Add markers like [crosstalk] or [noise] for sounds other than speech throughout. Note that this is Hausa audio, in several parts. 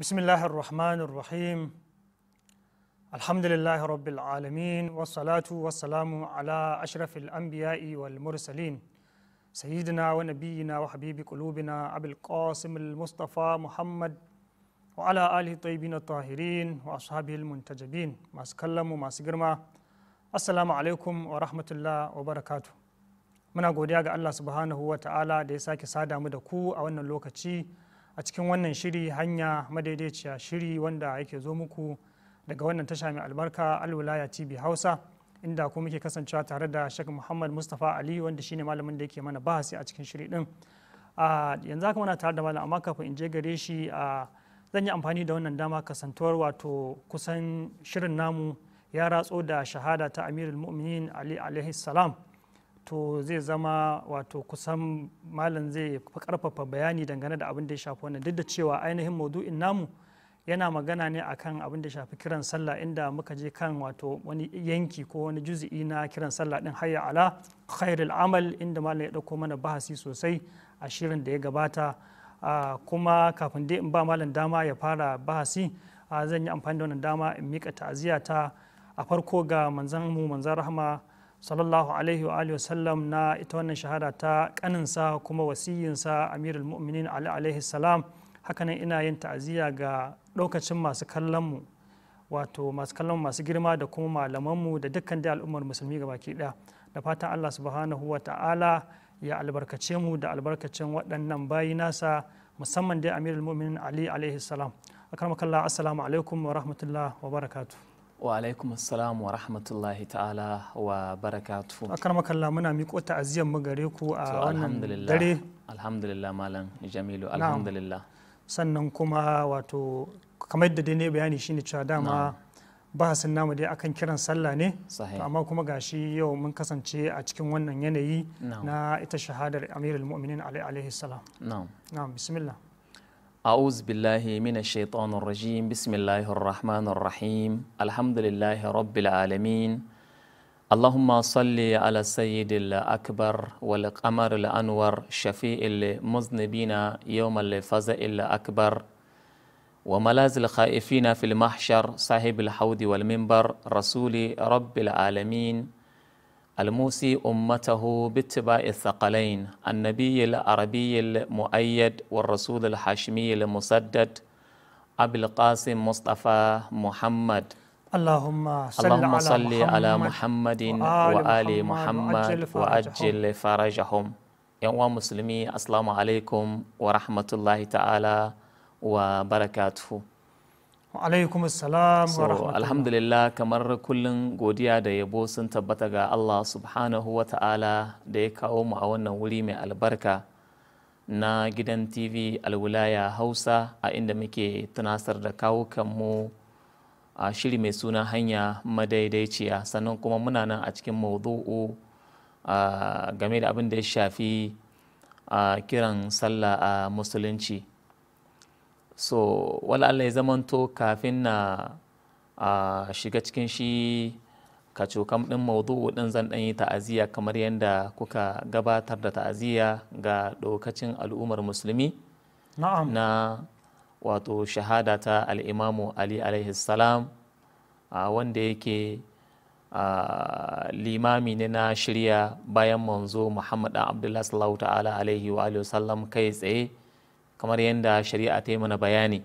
بسم الله الرحمن الرحيم الحمد لله رب العالمين والصلاة والسلام على أشرف الأنبياء والمرسلين سيدنا ونبينا وحبيب قلوبنا أبي القاسم المصطفى محمد وعلى آله الطيبين الطاهرين وأصحابه المنتجبين ما سكلموا ما سجرما السلام عليكم ورحمة الله وبركاته muna godiya ga Allah subhanahu wa ta'ala da ya sake sada mu da ku a wannan lokaci a cikin wannan shiri hanya madaidaiciya shiri wanda yake zo muku daga wannan tasha mai albarka alwilaya tv hausa inda kuma muke kasancewa tare da shek muhammad mustapha ali wanda shine malamin da yake mana bahasi a cikin shiri din yanzu haka muna tare da malam amma kafin in je gare shi zan yi amfani da wannan dama kasantuwar wato kusan shirin namu ya ratso da shahada ta amirul mu'minin ali alaihi salam to zai zama wato kusan malam zai karfafa bayani dangane da abin da ya shafi wannan duk da cewa ainihin maudu'in namu yana magana ne akan abin da ya shafi kiran sallah inda muka je kan wato wani yanki ko wani juzi'i na kiran sallah din hayya ala khairul amal inda malam ya dauko mana bahasi sosai a shirin da ya gabata kuma kafin dai in ba malam dama ya fara bahasi zan yi amfani da wannan dama in mika ta'aziyata a farko ga manzan mu manzan rahma. sallallahu alaihi wa alihi wasallam na ita wannan shahada ta kaninsa kuma wasiyinsa amirul mu'minin ali alaihi salam hakanan ina yin ta'aziyya ga ɗaukacin masu kallonmu wato masu kallon masu girma da kuma malamanmu da dukkan da al'ummar musulmi ga baki ɗaya da fatan allah subhanahu wa ta'ala ya albarkace mu da albarkacin waɗannan bayi nasa musamman dai amirul mu'minin ali alaihi salam akarmakalla assalamu alaikum wa rahmatullah wa barakatuh wa alaikum assalam wa rahmatullahi ta'ala wa barakatuhu akarmakalla muna miƙo ta'aziyyar mu gare ku a wannan dare alhamdulillah malam jamilu alhamdulillah sannan kuma wato kamar yadda dai ne bayani shine cewa dama bahasin namu dai akan kiran sallah ne amma kuma gashi yau mun kasance a cikin wannan yanayi na ita shahadar amirul mu'minin alaihi salam na'am bismillah أعوذ بالله من الشيطان الرجيم بسم الله الرحمن الرحيم الحمد لله رب العالمين اللهم صل على السيد الأكبر والقمر الأنور شفيع المذنبين يوم الفزع الأكبر وملاذ الخائفين في المحشر صاحب الحوض والمنبر رسول رب العالمين الموسي أمته باتباع الثقلين النبي العربي المؤيد والرسول الحاشمي المسدد أبي القاسم مصطفى محمد اللهم صل, اللهم صل على محمد, على محمد وآل محمد وأجل فرجهم يا مسلمي السلام عليكم ورحمة الله تعالى وبركاته alaikum salam so, alhamdulillah kamar kullum godiya da yabo sun tabbata ga Allah subhanahu wa ta'ala da ya kawo mu a wannan wuri mai albarka na gidan tv alwilaya hausa a inda muke tunasar da kawo kawukanmu a shiri mai suna hanya madaidaiciya sannan kuma muna nan a cikin maudu'u game da abin da ya shafi kiran sallah a musulunci so wala Allah ya zamanto kafin na a shiga cikin shi ka kacokam ɗin mawudu ɗin zan ɗan yi ta'aziyya kamar yadda kuka gabatar da ta'aziyya ga dokacin al'ummar musulmi na wato shahada ta al'imamu ali alaihi salam wanda yake limami ne na shirya bayan manzo muhammad abdullahi sallallahu ta'ala alaihi wa sallam kai tsaye kamar yadda shari'a ta yi mana bayani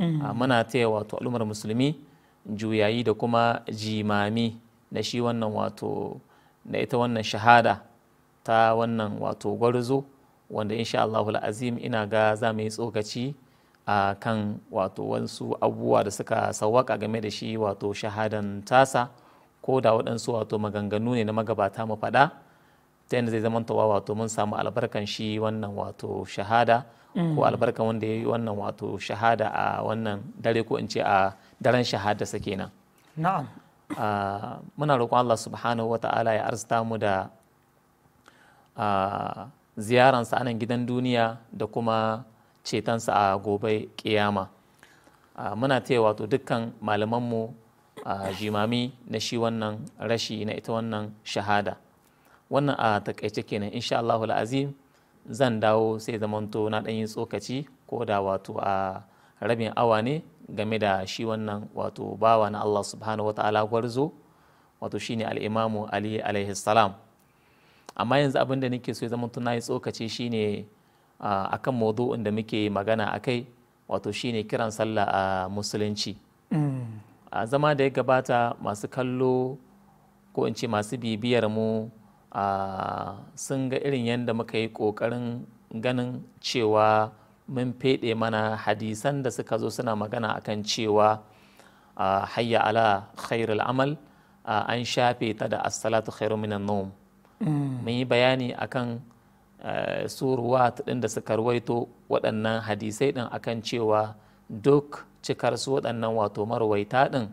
mm. ah, muna taya wato al'ummar musulmi juyayi da kuma jimami na shi wannan wato na ita wannan shahada ta wannan wato gwarzo wanda insha Allah azim ina ga za mu yi tsokaci a kan wato wasu abubuwa da suka sawwaka game da shi wato shahadan tasa ko da waɗansu wato maganganu ne na magabata mu faɗa ta yadda zai tawa wato mun samu albarkan shi wannan wato shahada ko mm. albarkan wanda ya yi wannan wato shahada a wannan dare ko in ce a daren shahada sa kenan na'am ah, muna roƙon Allah subhanahu wa ta'ala ya arzuta mu da ah, ziyaransa anan gidan duniya da kuma cetonsa a gobe kiyama ah, muna taya wato dukkan malamanmu jimami na shi wannan rashi na ita wannan shahada wannan a takaice kenan insha Allahul azim zan dawo sai zamanto na ɗan yi tsokaci ko da wato a rabin awa ne game da shi wannan wato bawa na Allah subhanahu wata'ala gwarzo wato shine al'imamu Ali alaihi salam amma yanzu abin da nake so ya zamanto na yi tsokaci shine akan maudu'in da muke magana a kai wato shine kiran sallah a musulunci mm. a zama da ya gabata masu kallo ko in ce masu bibiyar mu sun ga irin yadda muka yi ƙoƙarin ganin cewa mun feɗe mana hadisan da suka zo suna magana akan cewa hayya ala khairul amal an shafe ta da assalatu khairu minan nom mm. mun yi bayani akan su ruwat ɗin da suka ruwaito waɗannan hadisai ɗin akan cewa duk cikar su waɗannan wato marwaita ɗin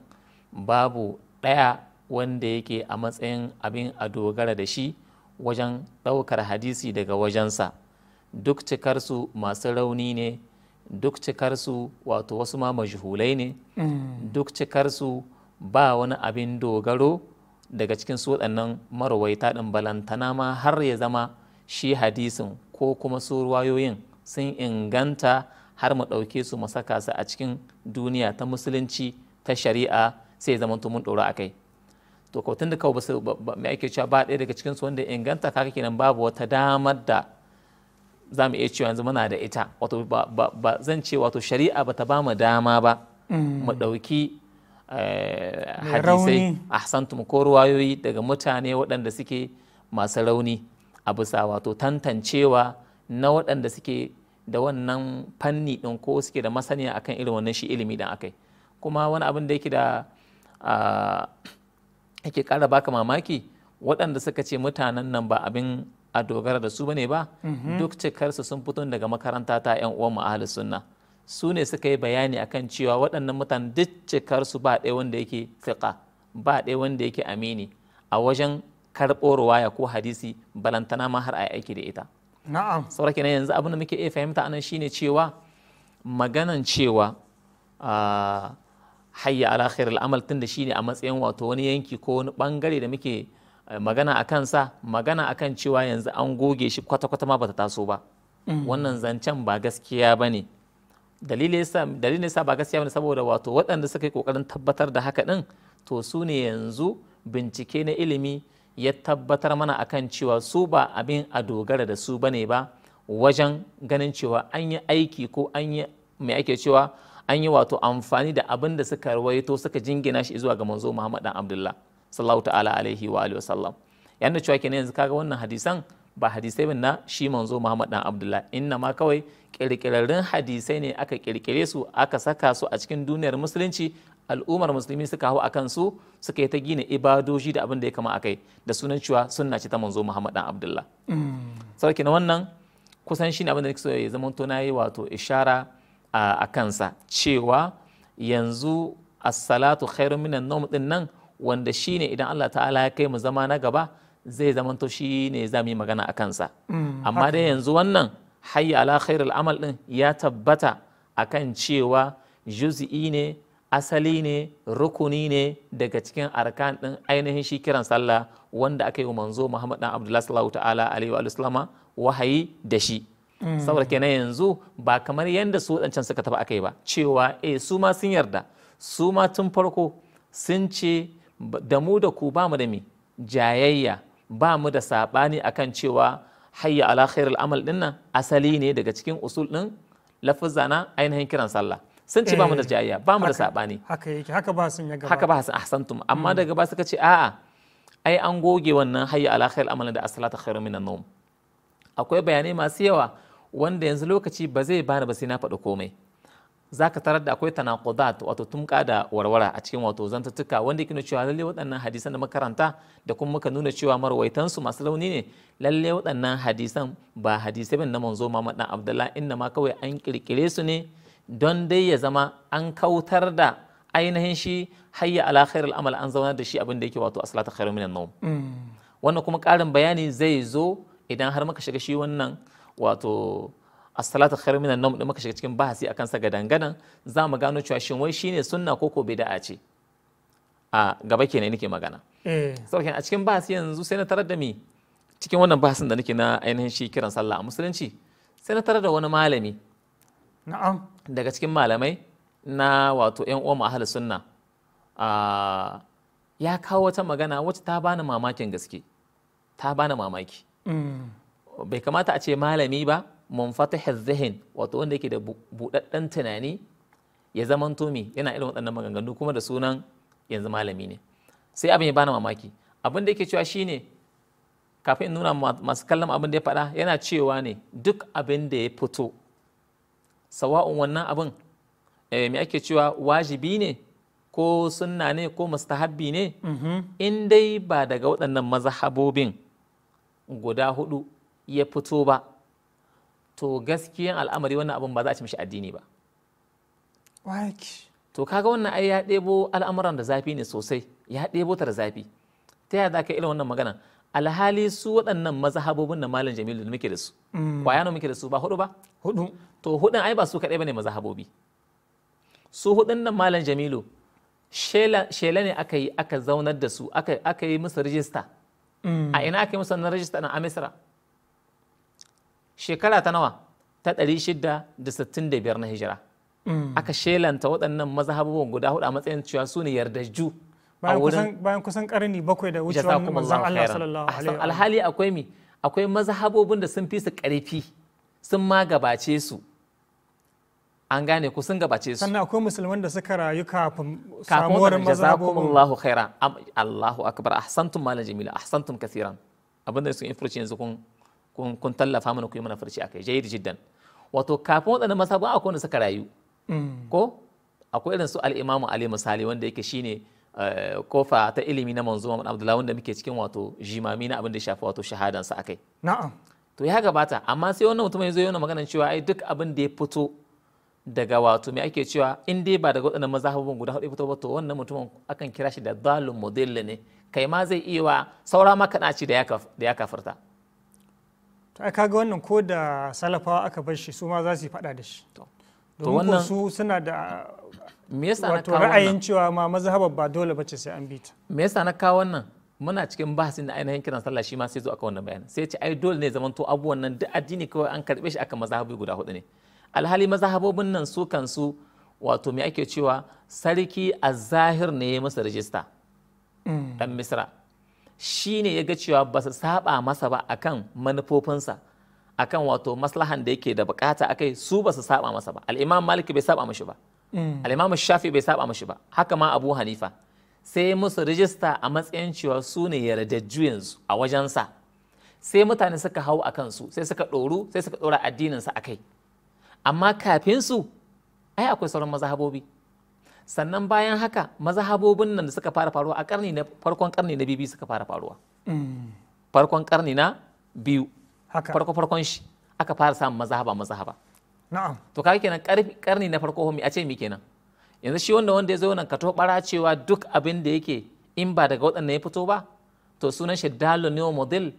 babu ɗaya wanda yake a matsayin abin a dogara da shi wajen ɗaukar hadisi daga wajensa duk cikarsu masu rauni ne duk cikarsu wato wasu ma majhulai ne mm. duk cikarsu ba wani abin dogaro daga cikin su waɗannan marawaita ɗin balantana ma har ya zama shi hadisin ko kuma su ruwayoyin sun inganta har mu ɗauke su mu saka su a cikin duniya ta musulunci ta shari'a sai zama mun ɗora a kai to ko tunda kawai basu mai ake cewa ba ɗaya daga cikin su wanda inganta kake nan babu wata damar da za mu iya cewa yanzu muna da ita wato ba zan ce wato shari'a bata ba mu dama ba mm. mu ɗauki eh, hadisai ahsantum ko ruwayoyi daga mutane waɗanda suke masu rauni a bisa wato tantancewa na waɗanda suke da wannan fanni ɗin ko suke da masaniya akan irin wannan shi ilimi ɗin akai kuma wani abin da yake da ah, yake ƙara baka mamaki waɗanda suka ce mutanen nan ba abin a dogara da su bane ba mm-hmm. duk cikarsu sun fito daga makaranta ta yan uwan ahli sunna su ne suka yi bayani akan cewa waɗannan mutanen duk cikarsu ba ɗaya wanda yake fiƙa ba ɗaya wanda yake amini a wajen karɓo ruwaya ko hadisi balantana ma har a aiki da ita na'am saboda kenan yanzu abin da muke iya fahimta anan shine cewa maganan cewa ah, hayya ala tun da shi shine a matsayin wato wani yanki ko wani bangare da muke eh, magana a kansa magana a kan cewa yanzu an goge shi kwata-kwata ma bata taso ba mm. wannan zancen ba gaskiya ba ne dalilin yasa ba gaskiya ba ne saboda wato waɗanda suka yi ƙoƙarin tabbatar da haka ɗin to su ne yanzu bincike na ilimi ya tabbatar mana a kan cewa su ba abin a dogara da su ba ne ba wajen ganin cewa an yi aiki ko an yi mai ake cewa an yi wato amfani da abin da suka rawaito suka jingina shi zuwa ga manzo Muhammad dan Abdullah sallallahu ta'ala alaihi wa alihi wasallam yanda cewa kenan yanzu kaga wannan hadisan ba hadisai bin na shi manzo Muhammad dan Abdullah inna ma kawai kirkirarrun hadisai ne aka kirkire su aka saka su a cikin duniyar musulunci al'ummar musulmi suka hau akan su suka yi ta gina ibadoji da abin da ya kama akai da sunan cewa sunna ce ta manzo Muhammad dan Abdullah mm. sarki na wannan kusan shi ne abin da nake so ya zama to yi wato ishara a kansa cewa yanzu assalatu salatu khairu minan nom din nan wanda shine idan Allah ta'ala ya kai mu zama na gaba zai zamanto shi ne za mu magana a kansa mm, amma dai yanzu wannan hayya ala khairul amal din ya tabbata akan cewa juz'i ne asali ne rukuni ne daga cikin arkan din ainihin shi kiran sallah wanda aka yi wa manzo Muhammad dan Abdullahi sallallahu ta'ala alaihi wa sallama wahayi da shi saboda kenan yanzu ba kamar yadda su wadancan suka taba aka yi ba cewa eh su ma sun yarda su ma tun farko sun ce da mu da ku ba mu da mi jayayya ba mu da saɓani akan cewa hayya ala khairul amal nan asali ne daga cikin usul din lafuzza na ainihin kiran sallah sun ce ba mu da eh, jayayya ba mu da sabani haka yake haka ba sun ya gaba haka ba sun ahsantum amma hmm. daga ba suka ce a'a ai an goge wannan hayya ala khairul amal da as-salatu khairun minan nawm akwai bayanai masu yawa wanda yanzu lokaci ba zai bani ba sai na faɗi komai za ka tarar da akwai tanakudat wato tumka da warwara a cikin wato zantattuka wanda yake nuna cewa lalle waɗannan hadisan da makaranta da kuma muka nuna cewa marwaitansu masu launi ne lalle waɗannan hadisan ba hadisai bin na manzo Muhammad dan Abdullah inna ma kawai an kirkire su ne don dai ya zama an kautar da ainihin shi hayya ala khairul amal an zauna da shi abin da yake wato aslata khairu minan nawm mm. wannan kuma ƙarin bayani zai zo idan har muka shiga shi wannan wato a salatu khairu minan nawm da muka shiga cikin bahasi akan sa gadanganan za mu gano cewa shin wai shine sunna ko ko bid'a ce a gaba kenan nake magana eh. sauke a cikin bahasi yanzu sai na tarar da mi cikin wannan bahasin da nake na ainihin shi kiran sallah a musulunci sai na tarar da wani malami na'am daga cikin malamai na wato yan uwa ahlus sunna ya kawo wata magana wacce ta bani mamakin gaske ta bani mamaki mm. bai kamata a ce malami ba munfatihar zihin wato wanda yake da buɗaɗɗen tunani ya zama me yana irin waɗannan maganganu kuma da sunan yanzu malami ne sai abin ya bani mamaki abin da yake cewa shine kafin in nuna masu kallon abin da ya faɗa yana cewa ne duk abin da ya fito sawa'un wannan abin eh, me ake cewa wajibi ne ko sunna ne ko mustahabbi ne mm-hmm. in dai ba daga waɗannan mazhabobin guda hudu ya fito ba to gaskiyan al'amari wannan abin ba za a ci mishi addini ba to kaga wannan ai ya ɗebo al'amuran da zafi ne sosai ya ɗebo ta da zafi ta yaya za ka irin wannan magana alhali su waɗannan mazahabobin na malam jamilu da muke da su mm. kwaya na muke da su ba hudu ba hudu to hudun ai ba su kaɗai ne mazahabobi su hudun nan malam jamilu shela ne aka yi aka zaunar da su aka yi musu rijista mm. a ina aka yi musu rijista na Amisra. shekara ta nawa ta 665 na hijira mm. aka shelanta waɗannan mazhabubuwan guda hudu a matsayin cewa su ne yardajju bayan kusan karni bakwai da wucewa manzon Allah sallallahu alaihi alhali akwai mi akwai mazhabobin da sun fi su karfi sun ma gabace su an gane ku sun gabace su sannan akwai musulman da suka rayu kafin samuwar mazhabobin Allahu khaira Allahu akbar ahsantum malam jamila ahsantum kaseeran abinda su in furci yanzu kun kun tallafa mana ku yi mana farci akai jayyid jiddan wato kafin waɗannan masaba akwai wanda suka rayu mm. ko akwai irin su al-imamu ali misali wanda yake shine eh, kofa ta ilimi na manzo Muhammad Abdullahi wanda muke cikin wato jimami na abin da shafi wato shahadan sa akai na'am to ya gabata amma sai wannan mutum ya zo yana magana cewa ai duk abin da ya fito daga wato me ake cewa in dai ba daga waɗannan mazhabin guda hudu fito ba to wannan mutumin akan kira shi da dalil modelle ne kai ma zai iya wa saura ma kana ci da ya kafarta ta ai kaga wannan ko da salafawa aka bar shi su ma za su yi faɗa da shi to wannan su suna da me yasa na kawo ra'ayin cewa ma mazhabar ba dole bace sai an bi ta me yasa na kawo wannan muna cikin bahasin da ainihin kiran sallah shi ma sai zo aka wannan bayanin sai ce ai dole ne zaman to abubuwan nan duk addini kawai an karbe shi aka mazhabi guda hudu ne alhali mazhabobin nan su kansu wato me ake cewa sarki a zahir ne ya masa rajista mm. dan misra shi ne ya ga cewa ba su saba masa ba akan manufofinsa akan wato maslahan da yake da bukata a kai su ba su saba masa ba al'imam malik bai saba mashi ba mm. al'imam shafi bai saba mashi ba haka ma abu hanifa sai musu rijista a matsayin cewa su ne yardajju yanzu a wajensa sai mutane suka hau a kansu sai suka ɗoru sai suka ɗora addininsa a kai amma kafin su ai akwai sauran mazhabobi sannan bayan haka mazahabobin nan da suka fara faruwa a karni na farkon karni na biyu suka fara faruwa mm. farkon karni na biyu farko farkon shi aka fara samun mazahaba mazahaba na'am to kai kenan karni na farko mi a ce mi kenan yanzu shi wanda wanda ya zo nan ka to bara cewa duk abin da yake in ba daga waɗannan ya fito ba to sunan shi dalo neo model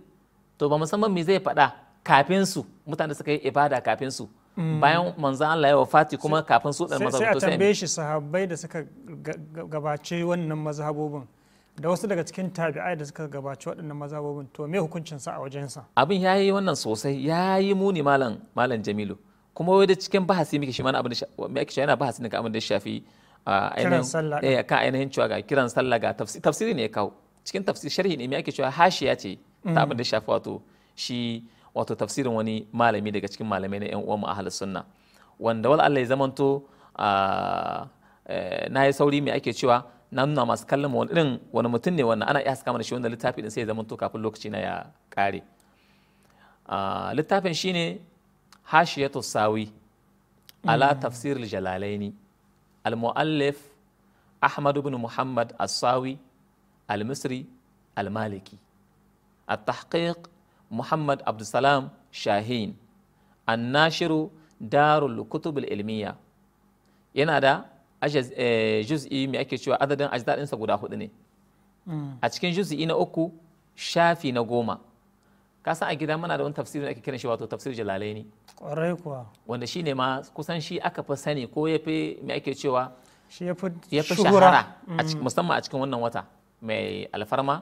to ba musamman me zai faɗa kafin su mutane suka yi ibada kafin su Mm. bayan manzan Allah ya wafati kuma kafin su ɗan mazhabu sai a tambaye shi sahabbai da suka gabace wannan mazhabobin da wasu daga cikin tabi'ai da suka gabace waɗannan mazhabobin to me hukuncin sa a wajensa abin ya yi wannan sosai ya yi muni malam malam Jamilu kuma wai da cikin bahasi muke shi mana abin da ake yana bahasi ne ga abin da shafi ah, ainihin eh, ainihin cewa ga kiran sallah ga tafsiri ne ya kawo cikin tafsiri sharhi ne me ake cewa hashiya ce ta mm. abin da shafi wato shi wato tafsirin wani malami daga cikin malamai na 'yan uwanmu ahlus sunna wanda wal Allah ya zamanto e, na yi sauri mai ake cewa na nuna masu kallon mu irin wani mutum ne wannan ana iya haska mana shi wanda littafi din sai ya zamanto kafin lokaci na ya kare littafin shine hashiyatu sawi ala mm. tafsir jalalaini al-muallif ahmad ibn muhammad as-sawi al-misri al-maliki التحقيق muhammad abdulsalam shahin annashiru darul kutubul ilmiya yana da eh, juz'i mai ake cewa adadin ajdadinsa guda hudu ne hmm. a cikin juz'i na uku shafi na goma ka san a gida muna da wani tafsirin ake kiran shi wato tafsir jalalaini ƙwarai kuwa wanda shi ne ma kusan shi aka fi sani ko ya fi mai ake cewa ya fi shahara hmm. musamman a cikin wannan wata mai alfarma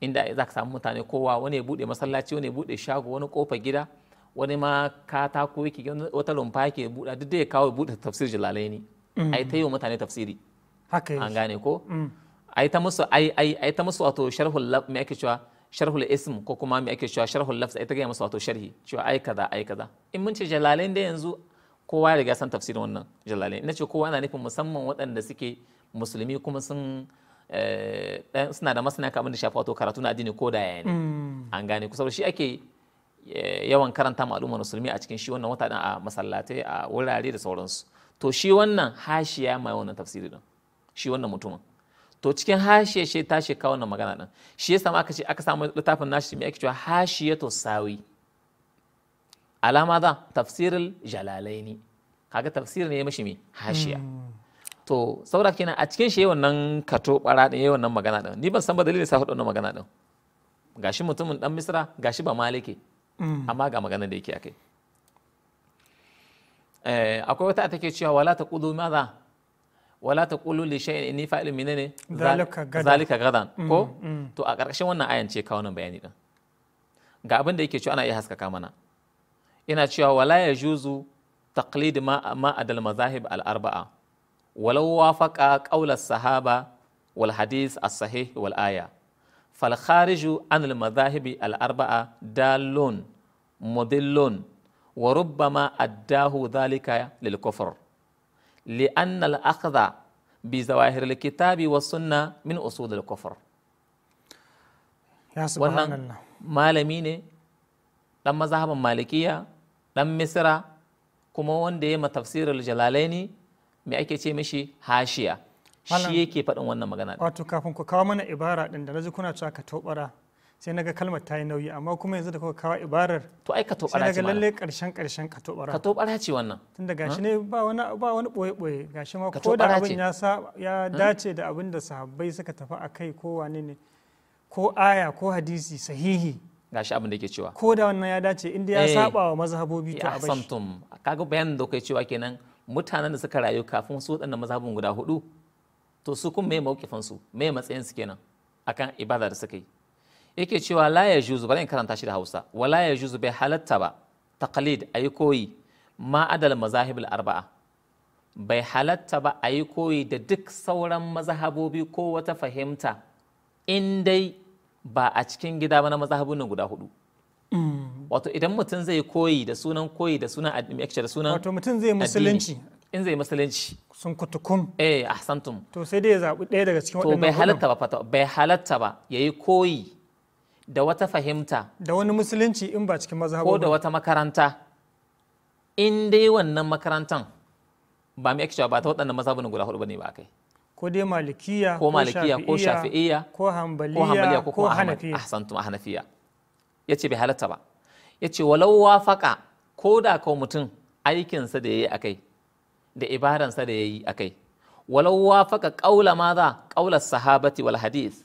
inda za ka samu mutane kowa wani ya buɗe masallaci wani ya buɗe shago wani kofa gida wani ma katako yake wata rumfa yake buɗa duk da ya kawo buɗe tafsir jalalaini mm. ai ta yi wa mutane tafsiri an gane ko mm. ai ta musu ai ai ai ta musu wato sharhul laf me ake cewa sharhul ism ko kuma me ake cewa sharhul lafz ai ta ga musu wato sharhi cewa ai kaza ai kaza in mun ce jalalain da yanzu kowa ya riga san tafsirin wannan jalalain ina ce kowa na nufin musamman waɗanda suke musulmi kuma sun Eh, dan suna da masana kamar da shafa wato karatu na addini ko da yaya ne hmm. an gane ku saboda shi ake eh, yawan karanta ma al'ummar musulmi a cikin shi wannan wata a masallatai a wurare da sauransu to shi wannan hashiya mai wannan tafsiri din shi wannan mutumin to cikin hashiya shi ta shi kawo wannan magana din shi yasa aka ce aka samu littafin nashi mai ake cewa hashiyatu sawi alama za tafsirul jalalaini kaga tafsirin ne ya mishi me hashiya hmm. to saura kenan a cikin shi wannan kato bara din yayin wannan magana din ni ban san ba dalili sa hudu wannan magana din gashi mutumin dan misra gashi ba malike mm. amma ga magana da yake akai eh akwai wata take cewa wala taqulu madha wala taqulu li shay'in inni fa'ilun ne zalika gadan mm, ko mm. to a karkashin wannan ayan ce ka wannan bayani din ga abin da yake cewa ana iya haskaka mana ina cewa wala yajuzu taqlid ma ma adal mazahib al arba'a ولو وافق قول الصحابة والحديث الصحيح والآية فالخارج عن المذاهب الأربعة دالون مدلون وربما أداه ذلك للكفر لأن الأخذ بظواهر الكتاب والسنة من أصول الكفر يا سبحان الله malami ne ɗan mazhaban malikiya ɗan misira kuma wanda ya matafsirar jalalaini me ake ce mishi hashiya shi yake faɗin wannan magana wato kafin ku kawo mana ibara ɗin da naji kuna cewa ka tobara sai naga kalmar ta yi nauyi amma kuma yanzu da kuka kawo ibarar to ai ka tobara ce sai naga lalle karshen karshen ka tobara ka tobara ce wannan tunda gashi ne ba wani ba wani boye boye gashi ma ko da abin ya sa ya hmm? dace da abin da sahabbai suka tafi akai ko wane ne ko aya ko hadisi sahihi gashi abin da yake cewa ko da wannan ya dace inda ya eh. saba wa mazhabobi to abashi ya samtum kaga bayanin da kai cewa kenan mutanen da suka rayu kafin su waɗannan mazhabin guda hudu to su kuma mai mawkifin su mai matsayin su kenan akan ibada da suka yi yake cewa la ya juzu bari in karanta shi da Hausa wa la ya juzu bai halatta ba taqlid ayi koyi ma adal mazahibul arba'a bai halatta ba ayi koyi da duk sauran mazhabobi ko wata fahimta in dai ba a cikin gida ba na mazhabun guda hudu Mm. wato idan mutum zai koyi da sunan koyi da sunan ake da sunan wato mutum zai musulunci in zai musulunci sun kutukum eh ahsantum to sai dai ya zabi ɗaya daga cikin waɗannan to bai halatta ba fata bai halatta ba yayi koyi da wata fahimta da wani musulunci in ba cikin mazhabu ko da wata makaranta in dai wannan makarantan ba mai ake ba ta waɗannan ne guda hudu bane ba kai ko dai malikiya ko malikiya ko shafi'iyya ko hanbaliya ko hanafiya ahsantum ahnafiya. ya ce bai halatta ba ya ce walau wafaka ko da kawo mutum aikinsa da ya yi a kai da ibaransa da ya yi a kai walau wafaka ƙaula maza ƙaular sahabati wal hadis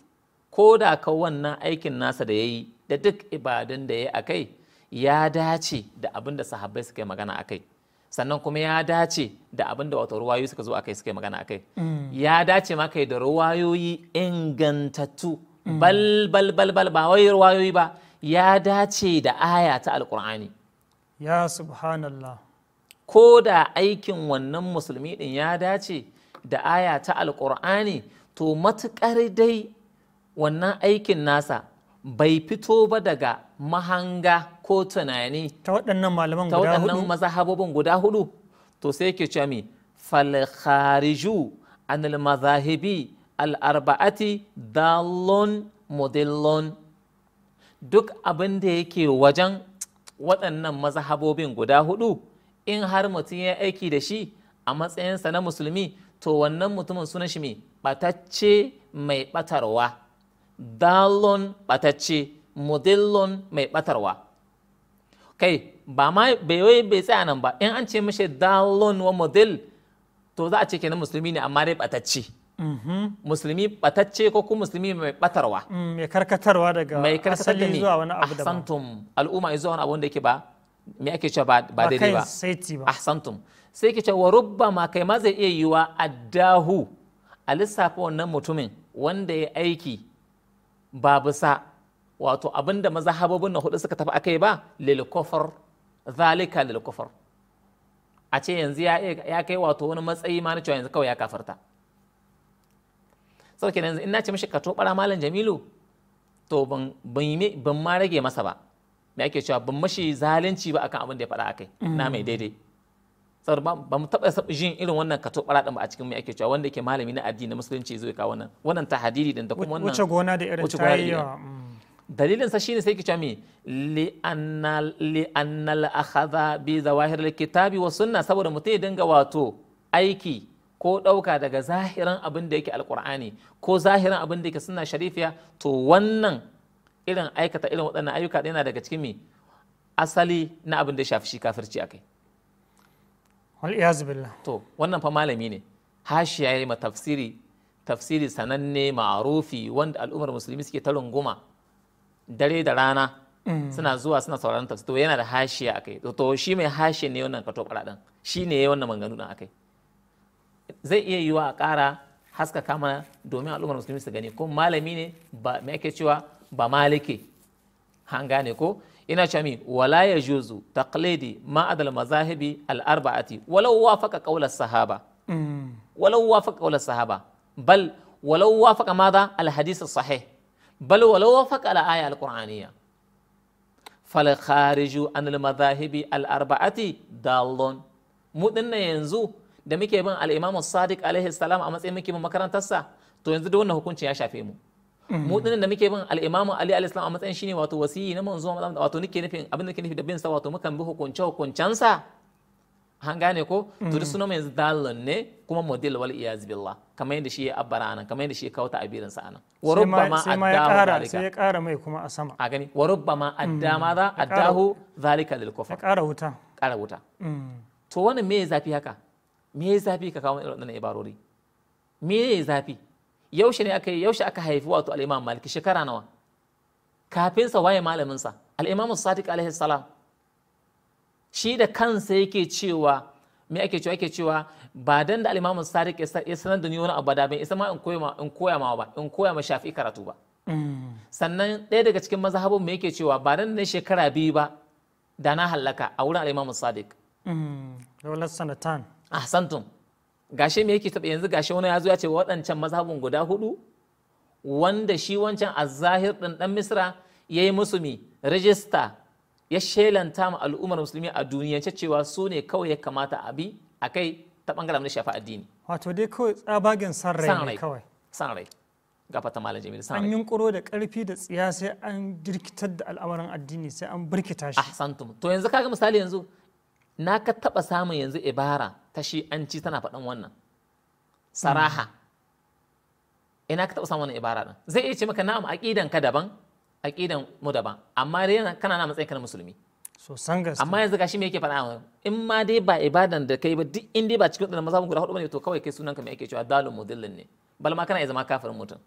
ko da ka wannan aikin nasa da ya yi da duk ibadun da ya yi a kai ya dace da abin da sahabbai suka yi magana a kai sannan kuma ya dace da abin da wato ruwayoyi suka zo a kai suka yi magana a kai mm. ya dace ma kai da ruwayoyi ingantattu mm. bal bal bal bal ba wai ruwayoyi ba ya dace da aya ta alkur'ani ya subhanallah ko da aikin wannan musulmi ɗin ya dace da aya ta alkur'ani to matuƙar dai wannan aikin nasa bai fito ba daga mahanga ko tunani ta waɗannan malaman guda hudu ta waɗannan mazahabobin guda hudu to sai ke ce mi falkhariju al mazahibi al-arba'ati dallon modellon duk abin da yake wajen waɗannan mazahabobin guda hudu in har mutum ya aiki da shi a matsayinsa na musulmi to wannan mutumin suna shi mai ɓatacce mai ɓatarwa dalon ɓatacce mudillon mai ɓatarwa kai ba ma bai bai tsaya nan ba in an ce mishi dalon wa mudil to za a ce kenan musulmi ne amma dai ɓatacce Mm-hmm. musulmi batacce ko kuma musulmi mai batarwa mm, mai karkatarwa daga mai asali zuwa wani abu da ahsantum al'umma zuwa wani abu da yake ba me ake cewa ba daidai ba ahsantum sai yake cewa ma kai ma zai iya yiwa addahu a lissafa wannan mutumin wanda ya aiki ba bisa wato abinda mazahabobin na hudu suka tafi akai ba lil kufar zalika lil kufar a ce yanzu ya kai wato wani matsayi ma na cewa yanzu kawai ya kafarta sauke yanzu in na ce mishi ka tobara malam jamilu to ban ban ma rage masa ba me ake cewa ban mashi zalunci ba akan abin da ya faɗa akai na mai daidai saboda ba mu taɓa jin irin wannan ka tobara din ba a cikin me ake cewa wanda yake malami na addini na musulunci zai kawo wannan wannan tahadidi din da kuma wannan wuce gona da irin tayyawa mm. dalilin sa shine sai ki cewa me li annal li annal akhadha bi zawahir kitabi wa sunna saboda mutum ya dinga wato aiki ko ɗauka daga zahiran abin da yake alkur'ani ko zahiran abin da yake suna sharifiya to wannan irin aikata irin waɗannan ayyuka yana daga cikin mai asali na abin da ya shafi shi kafirci kai to wannan fa malami ne hashiya ya yi ma tafsiri tafsiri sananne ma'arufi wanda al'ummar musulmi suke ta runguma dare da rana mm. suna zuwa suna sauraron tafsiri to yana da hashiya kai to shi mai hashiya ne wannan kato ɗin shi ne wannan manganu ɗin kai zai iya yiwa a ƙara haska kama domin al'ummar musulmi su gani ko malami ne ba me cewa ba malike an gane ko ina cewa wala ya juzu taqlidi ma adal mazahibi al arba'ati walau wafaqa qawla sahaba mm. walau wafaqa qawla sahaba bal walau wafaqa madha al hadith sahih bal walau wafaqa al aya al qur'aniyya fal khariju an al mazahibi al arba'ati dallun mu dinnan yanzu da muke bin al Sadiq alaihi salam a matsayin muke bin makarantarsa to yanzu da wannan hukuncin ya shafe mu mu dinin da muke bin al Ali alaihi salam a matsayin shine wato wasiyi na manzo wato nake nufin abin da nake nufi da bin sa wato mukan bi hukunce hukuncensa an gane ko to da sunan yanzu dalon ne kuma model wal iyaz billah kamar yanda shi ya abbara anan kamar yanda shi ya kawo abirin sa anan wa rubbama addahu sai ya kara mai kuma a sama a gani wa rubbama mm. addama za addahu zalika lil kufr kara wuta kara wuta mm. to wannan me zafi haka me zafi ka kawo irin wannan ibarori me zafi yaushe ne aka yi yaushe aka haifi wato al'imam maliki shekara nawa kafin sa waye malamin sa al'imam Sadiq alaihi salam shi da kansa yake cewa me ake cewa ake cewa ba dan da al'imam Sadiq ya sanar da ni wani abu da ban isa ma in koya ma in koya ma ba in koya ma shafi karatu ba mm. sannan ɗaya daga cikin mazhabin me yake cewa ba dan ne shekara biyu ba da na hallaka a wurin al'imam Sadiq dawlat mm. sanatan ahsantum gashe me yake taba yanzu gashe wani ya zo ya ce waɗancan mazhabin guda hudu wanda shi wancan azahir din dan misra ya yi musu mi rajista ya shelanta ma al'ummar musulmi a ce cewa su ne kawai ya kamata a bi a kai ta bangare da shafa addini. wato dai kawai tsabagen san rai ne kawai san rai ta malam jamilu san rai an yunkuro da ƙarfi da tsiya sai an jirkitar da al'amarin addini sai an birkita shi ahsantum to yanzu kaga misali yanzu na ka taɓa samun yanzu ibara ta ci tana faɗin wannan saraha ina ka taɓa samun wannan ibara ɗin zai iya ce maka na'am aƙidan ka daban aƙidan mu daban amma dai kana na matsayin ka na musulmi So san gaske amma yanzu gashi me yake faɗa in ma dai ba ibadan da kai ba duk in dai ba cikin wadannan mazhabin guda hudu bane to kawai kai sunanka me yake cewa dalil mudillin ne bal ma kana iya zama kafirin mutum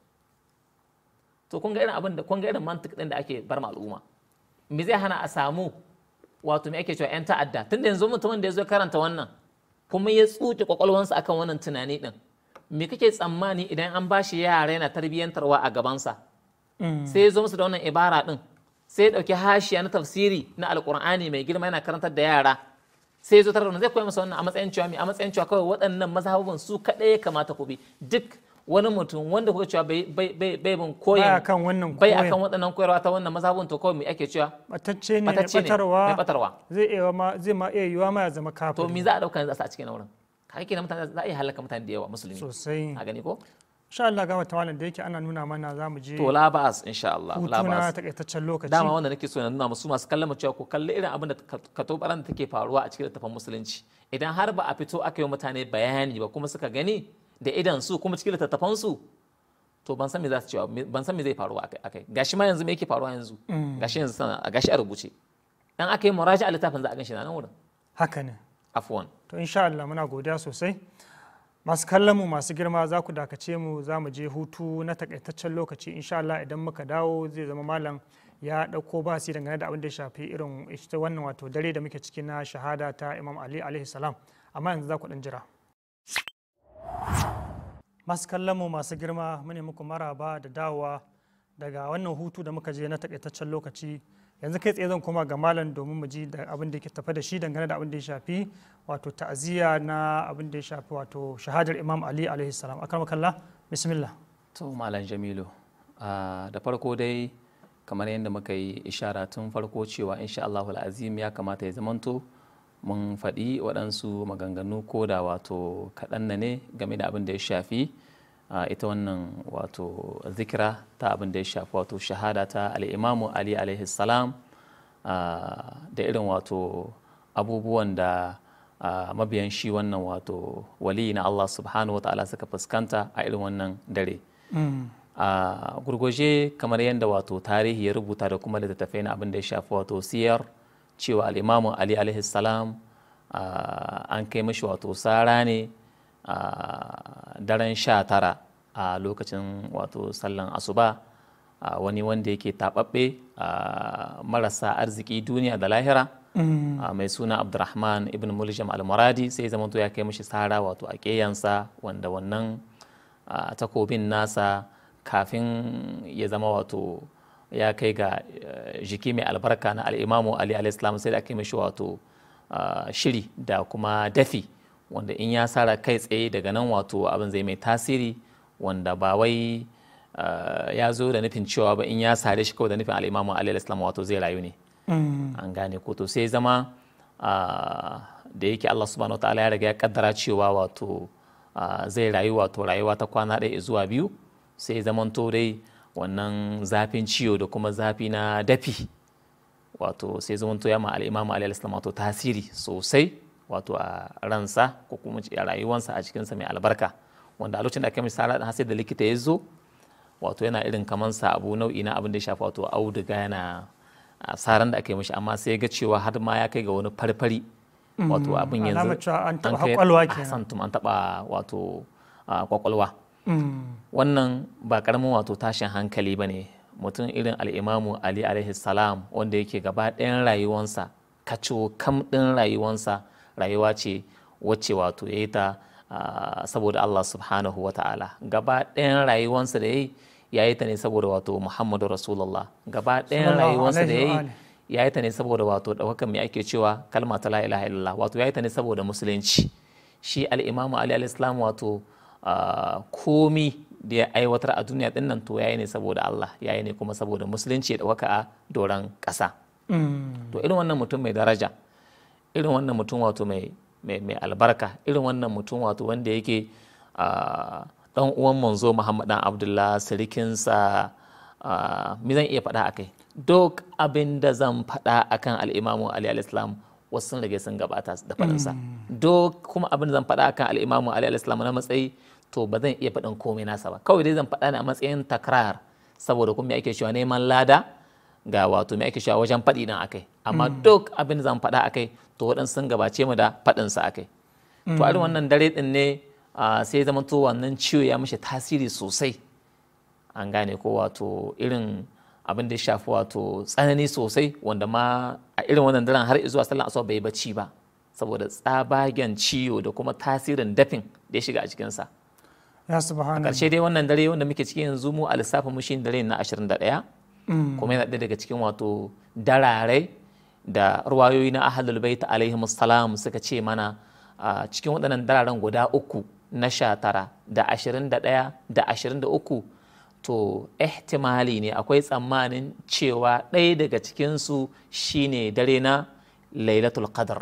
to kun ga irin abin da kun ga irin mantik din da ake bar ma al'umma me zai hana a samu wato me yake cewa yan ta'adda tunda yanzu mutumin da ya zo karanta wannan kuma ya tsuke kwakwalwansa akan wannan tunani din me kake tsammani idan an ba shi yara yana tarbiyyantarwa a gabansa mm. sai ya zo musu da wannan ibara din sai ya dauki hashiya na tafsiri na Alƙur'ani mai girma yana karantar da yara sai ya zo tare tarar zai koya masa wannan a matsayin cewa a matsayin cewa kawai waɗannan mazhabubin su kaɗai ya kamata ku bi duk wani mutum wanda kuka cewa bai bin koyin akan wannan bai akan waɗannan koyarwa ta wannan mazhabin to kawai mai ake cewa matacce ne mai batarwa zai iya ma zai ma iya yiwa ma ya zama kafin to mi za a dauka yanzu a cikin wurin ka kake mutane za a iya halaka mutane da yawa musulmi sosai a gani ko insha Allah ga wata da yake ana nuna mana za mu je to la ba'as insha Allah la ba'as can lokaci dama wanda nake so na nuna musu masu kallon cewa ko kalli irin abin da katobaran da take faruwa a cikin littafin musulunci idan har ba a fito aka yi mutane bayani ba kuma suka gani da idan su kuma cikin littattafan su to ban san me za su cewa ban san me zai faru kai gashi ma yanzu me yake faruwa yanzu mm. gashi yanzu sana gashi a rubuce dan aka yi muraji a littafin za a ganshi nan wurin haka ne afwan to insha Allah muna godiya sosai masu kallon mu masu girma za ku dakace mu za mu je hutu na takaitaccen lokaci insha Allah idan muka dawo zai zama malam ya dauko ba su dangane da abin da ya shafi irin ita wannan wato dare da muke ciki na shahada ta imam ali alaihi salam amma yanzu za ku ɗan jira masu kallon mu masu girma mune muku maraba da dawowa daga wannan hutu da muka je na takaitaccen lokaci yanzu kai tsaye zan koma ga malam domin mu ji da abin da ke tafa da shi dangane da abin da ya shafi wato ta'aziyya na abin da ya shafi wato shahadar imam ali alaihi salam makalla bismillah to malam jamilu ah, da farko dai kamar yadda muka yi ishara tun farko cewa insha Allahu azim ya kamata ya zamanto mun faɗi waɗansu maganganu ko da wato kaɗan na ne game da abin da ya shafi ita wannan wato zikira ta abin da ya shafi wato shahada ta al'imamu ali alaihi salam da irin wato abubuwan da mabiyan shi wannan wato wali na Allah subhanahu wa ta'ala suka fuskanta a irin wannan dare. Mm. a gurguje kamar yadda wato tarihi ya rubuta da kuma littattafai na abin da ya shafi wato siyar cewa al'imamun ali alaihissalam an kai mashi wato sara ne a daren sha tara a lokacin wato sallan asuba wani wanda yake taɓaɓɓe marasa arziki duniya da lahira mm. mai suna abdurrahman ibn muljam al-muradi sai zamanto ya kai mashi sara wato a ƙeyansa wanda wannan takobin nasa kafin ya zama wato ya kai ga eh, jiki mai albarka na al'imamu ali alislam sai da aka yi mashi wato eh, shiri da kuma dafi wanda in ya sara kai tsaye daga nan wato abin zai mai tasiri wanda ba wai eh, ya zo da nufin cewa ba in ya sare shi kawai da nufin al'imamu ali alislam wato zai rayu ne mm. an gane ko to sai zama da yake allah subhanahu ta'ala ya riga ya kaddara cewa wato zai rayu wato rayuwa ta kwana ɗaya zuwa biyu sai zamanto dai wannan zafin ciwo da kuma zafi na dafi wato sai zamanto ya ma al'imamu alayhi salam wato tasiri sosai wato a ransa ko kuma a rayuwansa a cikinsa mai albarka wanda a lokacin da aka a sara har sai da likita ya zo wato yana irin kamar sa abu nau'i na abin da ya shafa wato auduga yana a saran da aka yi mishi amma sai ya ga cewa har ma ya kai ga wani farfari wato mm, abin yanzu an taɓa kwakwalwa kenan an taɓa wato kwakwalwa Mm. wannan ba karamin wato tashin hankali ba ne mutum irin al'imamu ali alaihi salam wanda yake gaba ɗayan rayuwansa kaco kam ɗin rayuwansa rayuwa ce wacce wato ya yi ta ah, saboda allah subhanahu wa ta'ala gaba ɗayan rayuwansa da ya yi ya yi ta ne saboda wato muhammadu rasulullah gaba ɗayan rayuwansa da ya yi ya yi ta ne saboda wato ɗaukakan mai ake cewa kalma ta la ilaha illallah wato ya yi ta ne saboda musulunci shi al'imamu ali alaihi salam wato komi da ya aiwatar a duniya din nan to yayi ne saboda Allah yayi ne kuma saboda musulunci ya waka a doron ƙasa mm. to irin wannan mutum mai daraja irin wannan mutum wato mai mai albarka irin wannan mutum wato wanda yake dan uwan manzo Muhammad dan Abdullah sirikinsa mi zan iya faɗa akai duk abin da zan faɗa akan al'imamu Ali al-Islam wasu sun rage sun gabata da faɗinsa mm. duk kuma abin da zan faɗa akan al'imamu Ali al-Islam na matsayi to ba zan iya faɗin komai nasa ba kawai dai zan faɗa ne a matsayin takrar saboda kuma ake cewa neman lada ga wato me ake cewa wajen faɗi nan akai amma hmm. duk abin zan faɗa akai to waɗansu sun gabace mu da faɗin sa akai to a hmm. wannan dare din ne sai zama to wannan ciwo ya mishi tasiri sosai an gane ko wato irin abin da ya shafi wato tsanani sosai wanda ma a irin wannan daren har zuwa sallan asuwa bai bacci ba saboda tsabagen ciwo da kuma tasirin dafin da ya shiga a cikinsa ya subhanallah a ƙarshe dai wannan dare wanda muke ciki yanzu mu a lissafin mu shine dare na 21 mm. kuma yana ɗaya daga cikin wato darare da ruwayoyi na ahlul bait alaihi salam suka ce mana a cikin waɗannan dararen guda uku na sha tara da ashirin da ɗaya da ashirin da uku to ihtimali ne akwai tsammanin cewa ɗaya daga cikinsu shine dare na lailatul qadr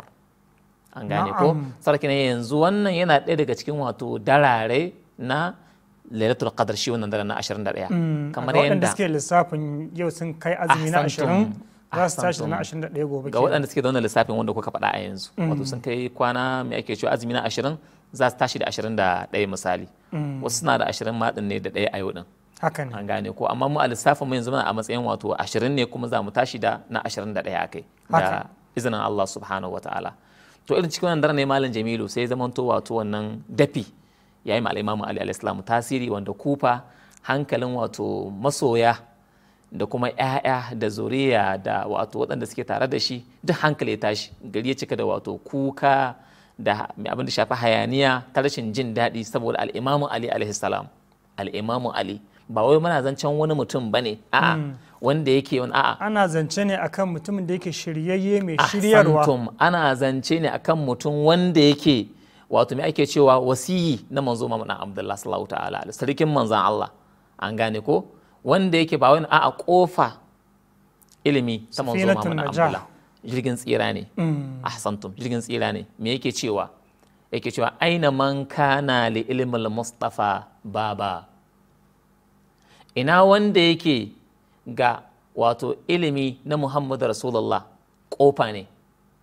an gane ko sarki na yanzu wannan yana ɗaya daga cikin wato darare na lailatul qadar shi wannan daren na 21 mm, kamar yadda waɗanda suke lissafin yau sun kai azumi na 20 za su tashi na 21 gobe ga waɗanda suke zaune lissafin wanda kuka faɗa a yanzu mm. wato sun kai kwana me ake cewa azumi na 20 za su tashi da 21 misali mm. wasu suna da 20 ma ne da ɗaya a yau din hakan an gane ko amma mu a lissafin mu yanzu muna a matsayin wato 20 ne kuma za mu tashi da na 21 akai da izinin Allah subhanahu wataala to irin cikin wannan daren ne malam Jamilu sai zamanto wato wannan dafi ya yi ma al'imamu ali alislamu tasiri wanda kufa hankalin wato masoya da kuma 'ya'ya da zuriya da wato waɗanda suke tare da shi duk hankali ya tashi gari ya cika da wato kuka da abin da shafi hayaniya ta rashin jin daɗi saboda al'imamu ali alaihissalam al'imamu ali ba wai muna zancen wani mutum bane a hmm. wanda yake wani a'a ana zance ne akan mutumin da yake shiryayye mai shiryarwa ana zance ne akan mutum wanda yake wato me ake cewa wasiyi na manzo mamana abdullahi sallallahu ta'ala alaihi sarkin manzan Allah an gane ko wanda yake ba wani a'a kofa ilimi ta manzo mamana abdullahi jirgin tsira ne mm. ahsantum jirgin tsira ne me yake cewa yake cewa aina man kana li ilmil mustafa baba ina wanda yake ga wato ilimi na muhammadu rasulullah kofa ne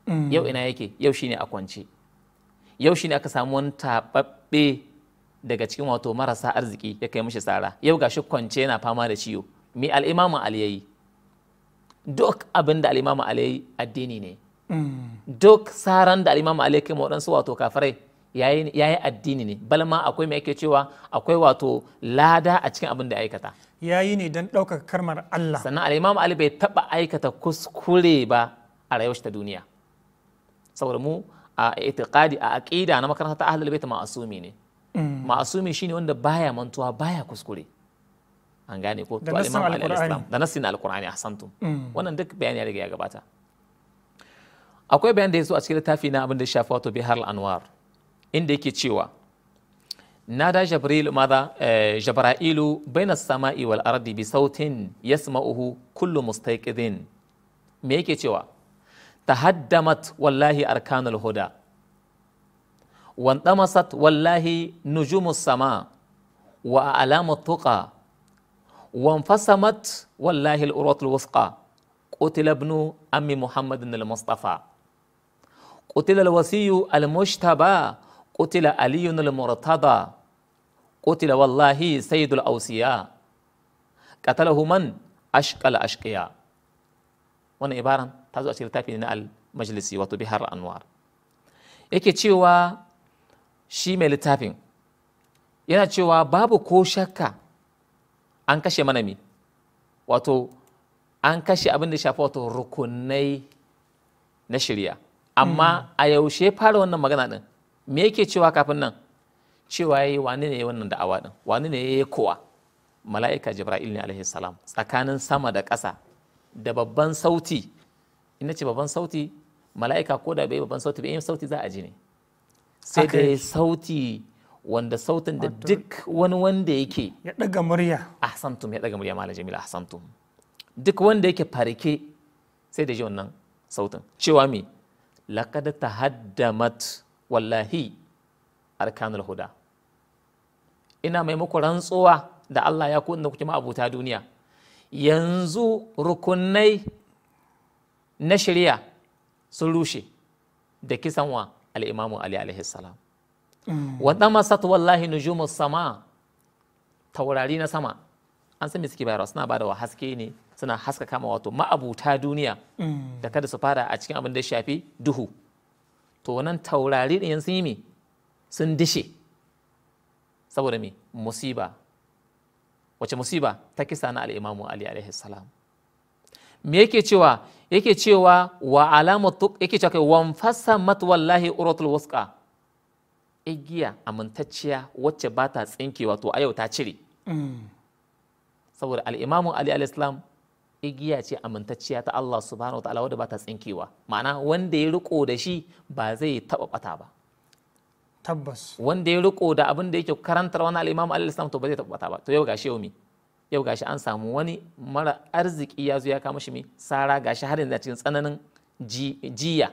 mm. yau ina yake yau shine a kwance yau shi ne aka samu wani taɓaɓɓe daga cikin wato marasa arziki ya kai mishi tsara yau gashi kwance yana fama da ciwo me al'imamu aliyayi duk abin da al'imamu aliyayi addini ne mm. duk tsaran da al'imamu aliyayi kai waɗansu wato kafirai yi addini ne balma akwai mai ake cewa akwai wato lada a cikin abin da aikata Ya yi ne don ɗaukaka karmar Allah sannan al'imamu ali bai taɓa aikata kuskure ba a rayuwar ta duniya saboda mu a itiqadi a aqida na makaranta ta ahlul bait ma'asumi ne mm. ma'asumi shine wanda baya mantuwa baya kuskure an gane ko to al-imam al-islam da nassin al-qur'ani ahsantum mm. wannan duk bayani ya riga ya gabata akwai bayan da ya zo a cikin littafi na abin da shafi wato bihar al-anwar inda yake cewa nada jabril madha eh, jabra'ilu baina samai wal ardi bi sautin yasma'uhu kullu mustaqidin me yake cewa تهدمت والله أركان الهدى وانطمست والله نجوم السماء وألام التقى وانفصمت والله الأروط الوثقى قتل ابن أم محمد المصطفى قتل الوسي المشتبى قتل علي المرتضى قتل والله سيد الأوسياء قتله من أشقى الأشقياء wannan ibaran ta zo a cikin littafi na al-majlisi wato bihar anwar yake cewa shi mai littafin yana cewa babu ko shakka an kashe mana wato an kashe abin da shafa wato rukunai na shirya amma hmm. a yaushe fara wannan magana din me yake cewa kafin nan cewa yayi wani ne wannan da'awa din wani ne yayi kowa mala'ika jibrail ne alaihi salam tsakanin sama da ƙasa da babban sauti ina ce babban sauti mala'ika ko da bai babban sauti bai yi sauti za a ji ne sai da sauti wanda sautin da duk wani wanda yake ya daga murya ahsantum ya daga murya mala jamila Ahsantum. duk wanda yake farike sai da ji wannan sautin cewa me laqad tahaddamat wallahi arkanul huda ina maimako rantsuwa da Allah ya kunna kuke ma abuta duniya yanzu rukunai na shirya sun rushe da kisan wa al'imamu Ali alaihi salam. Mm. Wadda masatu wallahi nujumu sama taurari na sama an san suke bayarwa suna bada wa haske ne suna haska kama wato ma'abuta duniya mm. da kada su fara a cikin abin da shafi duhu. To wannan taurari ɗin sun yi me sun dishe saboda me musiba wace musiba ta kisa na al'imamu ali alaihi salam me yake cewa yake cewa wa alamatu yake cewa kai wan mat wallahi uratul wasqa igiya amintacciya wacce ba ta tsinke wato a yau ta cire mm. saboda al'imamu ali alaihi salam igiya ce amintacciya ta Allah subhanahu wa ta'ala wadda ba ta tsinkewa ma'ana wanda ya riko da shi ba zai taɓa ɓata ba tabbas wanda ya riko da abin da yake karantar wani al'imam al-islam to ba zai tabbata ba to yau gashi yau mi yau gashi an samu wani mara arziki ya zo ya kama shi mi sara gashi har yanzu cikin tsananin jiya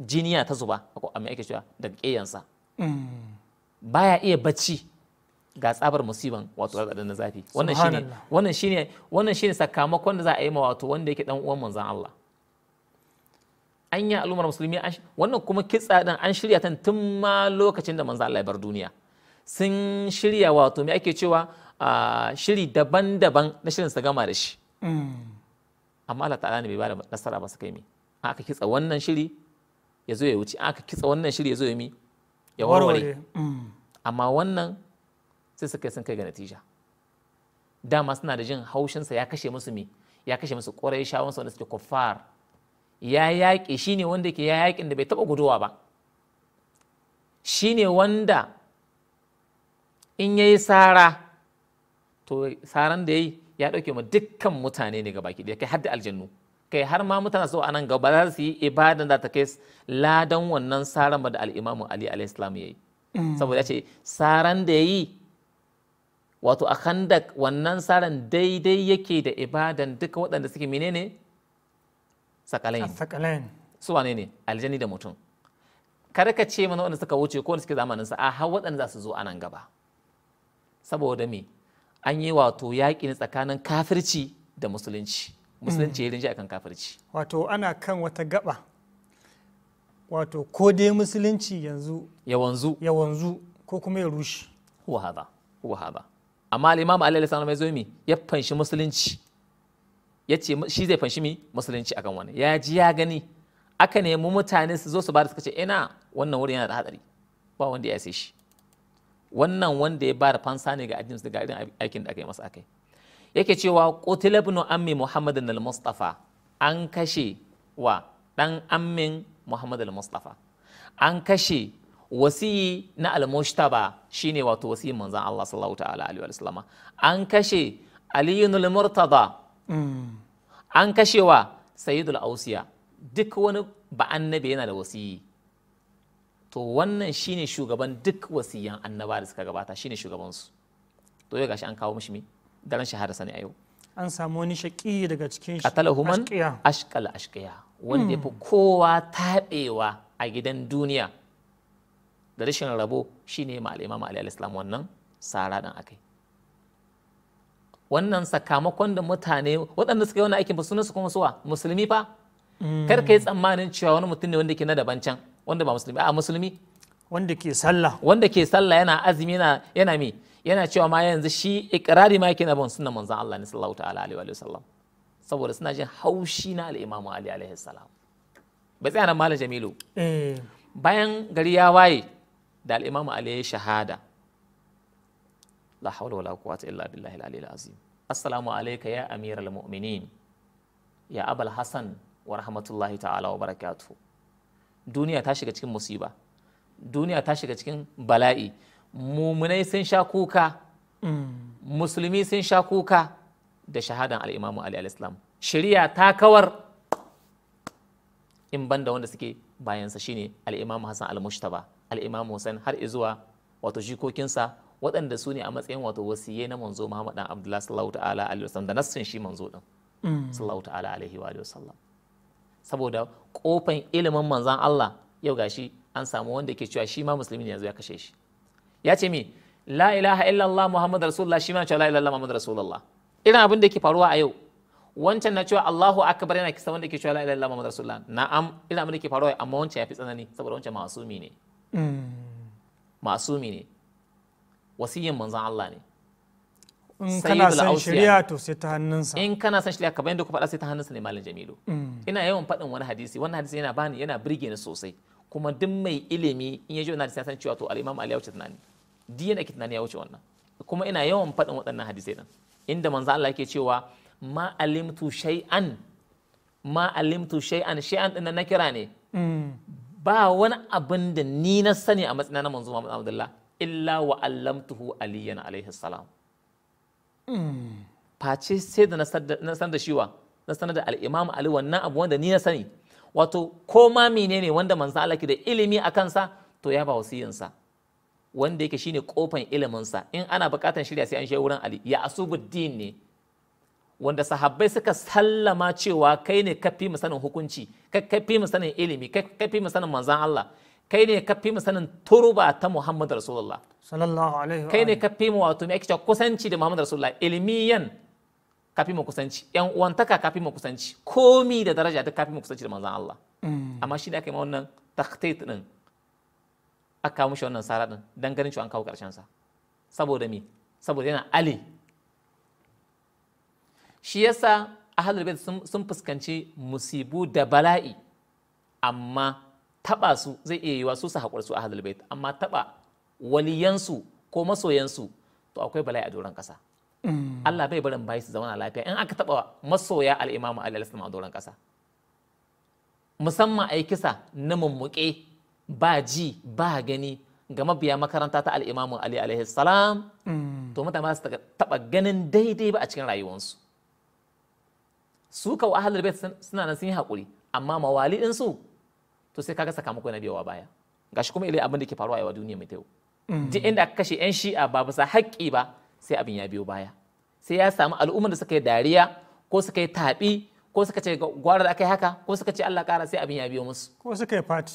jiniya ta zuba ko amma yake cewa daga ƙeyansa mm. baya iya bacci ga tsabar musiban wato radadin na zafi wannan shine wannan shine wannan shine sakamakon da za a yi ma wato wanda yake dan uwan manzon Allah An yi al'ummar musulmi wannan kuma kitsa din an shirya ta tun ma lokacin da manzo Allah ya bar duniya sun shirya wato me ake cewa shiri daban-daban na shirin su gama da shi mm. amma Allah ta'ala ne bai bada nasara ba su kai mi aka kitsa wannan shiri ya zo ya wuce aka kitsa wannan shiri ya zo ya mi ya warware mm. amma wannan sai suka sun kai ga natija dama suna da jin haushinsa ya kashe musu mi ya kashe musu ƙwarai shawansa wanda suke kuffar ya yaƙi shi ne wanda ke ya yaƙin da bai taɓa guduwa ba shi ne wanda in ya yi sara to saran da ya yi ya ɗauke ma dukkan mutane ne gabaki ɗaya kai har da aljannu kai har ma mutane so a nan gaba za su yi ibadan da ta kai ladan wannan saran da al'imamu ali alayhi ya yi mm. saboda ya ce saran da ya yi wato a kandak wannan saran daidai yake da ibadan duka waɗanda suke menene sakalain sakalain su wane ne aljani da mutum kada ka ce mana wanda suka wuce ko wanda suke zamanin sa a har waɗanda za su zo anan gaba saboda me an yi wato yaƙi ne tsakanin kafirci da musulunci musulunci ya rinji akan kafirci wato ana kan wata gaba wato ko dai musulunci yanzu ya wanzu ya wanzu ko kuma ya rushe huwa hada huwa hada amma al-imam Ali sallallahu zo mi ya fanshi musulunci ya ce shi zai fanshi mi musulunci akan wani ya ji ya gani aka nemi mutane su zo su bada suka ce ina wannan wurin yana da hatsari ba wanda ya sai shi wannan wanda ya bada fansa ne ga addinin daga ga irin aikin da aka yi masa akai yake cewa qutila ibn ammi muhammadin al-mustafa an kashe wa dan ammin muhammad al-mustafa an kashe wasiyi na al-mushtaba shine wato wasiyin manzon Allah sallallahu ta'ala alaihi wa sallama an kashe aliyun al-murtada Mm. an kashewa sayidul ausiya duk wani ba annabi yana da wasiyi to wannan shine shugaban duk wasiyan annaba da suka gabata shine shugabansu to yau gashi an kawo mishi me daren shahada sani a yau an samu wani shaƙi daga cikin katalahuman ashkal ashkiya wanda ya fi mm. kowa taɓewa a gidan duniya da rashin rabo shine ma al'imam ali wannan sara dan akai wannan sakamakon da mutane waɗanda suka yi wani aikin ba sunan su kuma suwa musulmi fa kar ka yi tsammanin cewa wani mutum ne wanda ke na daban can wanda ba musulmi a musulmi wanda ke sallah wanda ke sallah yana azumi yana yana me yana cewa ma yanzu shi ikrari ma yake na bin sunnan manzon Allah ne sallallahu ta'ala alaihi wa sallam saboda suna jin haushi na al-Imam Ali alaihi salam bai tsaya nan malam Jamilu eh. bayan gari ya waye da al-Imam Ali ya shahada la hawla wala quwwata illa billahi al-aliyyil azim assalamu alayka ya amiral mu'minin ya abal hasan wa rahmatullahi ta'ala wa barakatuh duniya ta shiga cikin musiba duniya ta shiga cikin bala'i mumunai sun sha kuka musulmi sun sha kuka da shahadan al'imamu ali al-islam shari'a ta kawar in banda wanda suke bayansa shine al'imam hassan al-mushtaba Al'imam hussein har izuwa wato jikokinsa waɗanda su ne a matsayin wato wasiyai na manzo Muhammad dan Abdullah sallallahu ta'ala alaihi wasallam da nassin shi manzo din mm. sallallahu ta'ala alaihi wa sallam saboda kofan ilimin manzan Allah yau gashi an samu wanda ke cewa shi ma musulmi ne yanzu ya kashe shi ya ce me la ilaha illallah Muhammad rasulullah shi ma ce la ilaha Muhammad rasulullah irin abin da ke faruwa a yau wancan na cewa Allahu akbar yana kisa wanda ke cewa la ilaha illallah Muhammad rasulullah na'am irin abin da ke faruwa amma wancan ya fi tsanani saboda wancan masumi ne masumi mm. ne wasiyin manzan Allah ne in kana son shari'a to sai ta hannunsa in kana son shari'a kamar yadda ku faɗa sai ta hannunsa ne malam Jamilu mm. ina yawan faɗin wani hadisi wannan hadisi yana bani yana birge ni sosai kuma duk mai ilimi in ya ji wannan hadisi ya san cewa to al-Imam Ali ya wuce tunani Di yana tunani ya wuce wannan kuma ina yawan faɗin waɗannan hadisai nan inda manzan Allah yake cewa ma alimtu shay'an ma alimtu shay'an shay'an din na kira ne mm. ba wani abin da ni na sani a matsayin na manzo Muhammad Abdullahi. illa wa allamtuhu aliyan alaihi salam hmm. face sai da na san da shiwa na sanar da al'imam ali wannan abu wanda ni na sani wato ko ma menene wanda manzo Allah ke da ilimi a kansa to ya ba wasiyinsa wanda yake shine kofan iliminsa in ana bukatan shirya sai an shi wurin ali ya asubuddin ne wanda sahabbai suka sallama cewa kai ne ka fi sanin hukunci ka fi sanin ilimi ka fi sanin manzan Allah kai ne ka fi sanin turba ta Muhammad Rasulullah sallallahu alaihi kai ne ka fi mu wato me ake cewa kusanci da Muhammad Rasulullah ilmiyan ka fi mu kusanci yan uwantaka ka fi mu kusanci komi da daraja duk ka fi mu kusanci da manzon Allah mm. amma shi da aka yi wannan takhtait din aka kawo mishi wannan sara din dan ganin cewa an kawo karshen sa saboda me saboda yana ali shi yasa ahlul bait sun fuskanci musibu da bala'i amma taba su zai iya yiwa su su haƙur su ahlul amma taba waliyansu ko masoyansu to akwai bala'i a doron kasa mm. Allah bai barin bayi su zauna lafiya in aka taba masoya al-Imam Ali a doron kasa musamman ai kisa na mummuke ba ji ba gani ga mabiya makaranta ta al-Imam Ali alaihi salam mm. to mutane su taba ganin daidai ba a cikin rayuwarsu su kawo ahlul bait suna nan sun yi haƙuri amma mawali to sai kaga sakamako na biyawa baya gashi kuma ilai abin da ke faruwa a duniya mai tau mm. duk inda aka kashe yan shi'a ba bisa haƙƙi ba sai abin ya biyo baya sai ya samu al'ummar da suka yi dariya ko suka yi taɓi ko suka ce gwara da aka yi haka ko suka ce Allah ƙara sai abin ya biyo musu ko suka yi fati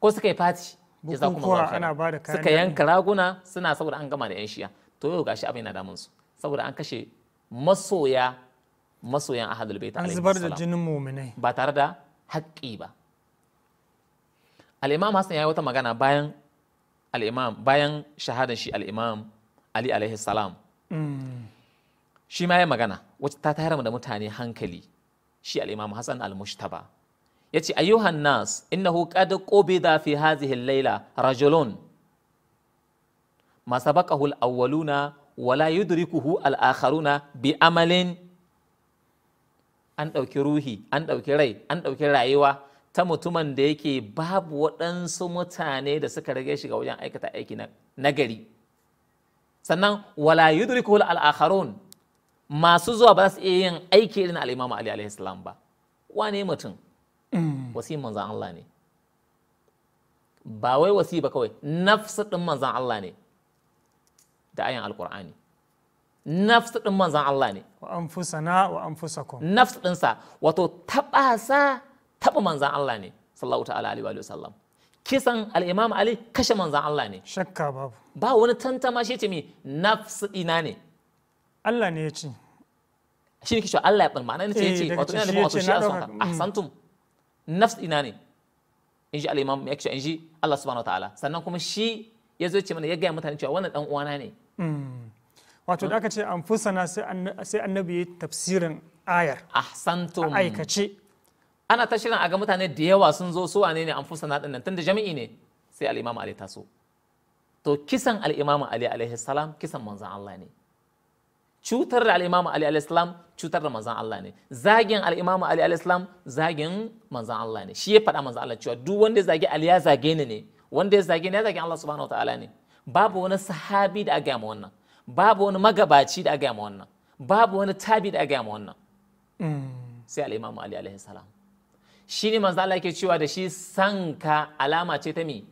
ko suka yi fati bukukuwa ana ba da kayan suka yanka raguna suna saboda an gama da yan shi'a to yau gashi abin yana damun su saboda an kashe masoya masoyan ahadul bait an zubar da jinin mu'minai ba tare da haƙƙi ba al'imam hassan ya yi wata magana bayan al'imam bayan shahadan shi al'imam ali alaihi salam hmm. shi ma ya magana wacce ta tayar da mutane hankali shi al'imam hassan al-mushtaba ya ce ayyuhan nas innahu qad qubida fi hadhihi al-laila rajulun ma sabaqahu al-awwaluna wala yudrikuhu al-akharuna bi amalin an ɗauki ruhi an ɗauki rai an ɗauki rayuwa ta mutumin da yake babu waɗansu mutane da suka rage shiga wajen aikata aiki na gari sannan wala yudrikul al-akharun masu zuwa ba za su iya yin aiki irin al'imamu ali alaihi salam ba wane mutum mm. wasi manzan Allah ne ba wai wasi ba kawai nafsu ɗin manzan Allah ne da ayan alqur'ani nafsu ɗin manzan Allah ne wa anfusana wa anfusakum nafsu ɗinsa wato taɓasa. taɓa manzan Allah ne sallallahu ta'ala alaihi wa sallam kisan al-imam Ali kashe manzan Allah ne shakka babu ba wani tantama shi ce mi nafsi ina ne Allah ne ya ce shi ne kishin Allah ya bar ma'ana ne ce ya ce eh, wato ina ne wato shi ya santum ahsantum mm. nafsi ina ne in ji al-imam ya kishin in ji Allah subhanahu wa ta'ala sannan kuma shi ya zo ce mana ya gaya mutane cewa wannan dan uwana ne mm. wato da aka ce an fusana sai annabi ya tafsirin ayar ahsantum aikace ana ta shirin a ga mutane da yawa sun zo su wane ne an fusa naɗin nan tunda jami'i ne sai al-imamu ali taso to kisan al ali alaihi salam kisan manzan Allah ne cutar da al'imamu Ali salam cutar da manzan Allah ne zagin al'imamu Ali salam zagin manzan Allah ne shi ya faɗa manzan Allah cewa duk wanda ya zage Ali ya zage ni ne wanda ya zage ni ya zage Allah subhanahu wataala ne babu wani sahabi da aga ma wannan babu wani magabaci da aga ma wannan babu wani tabi da aga ma wannan mm. sai al'imamu Ali salam shi ne manzo Allah yake cewa da shi san ka alama ce ta me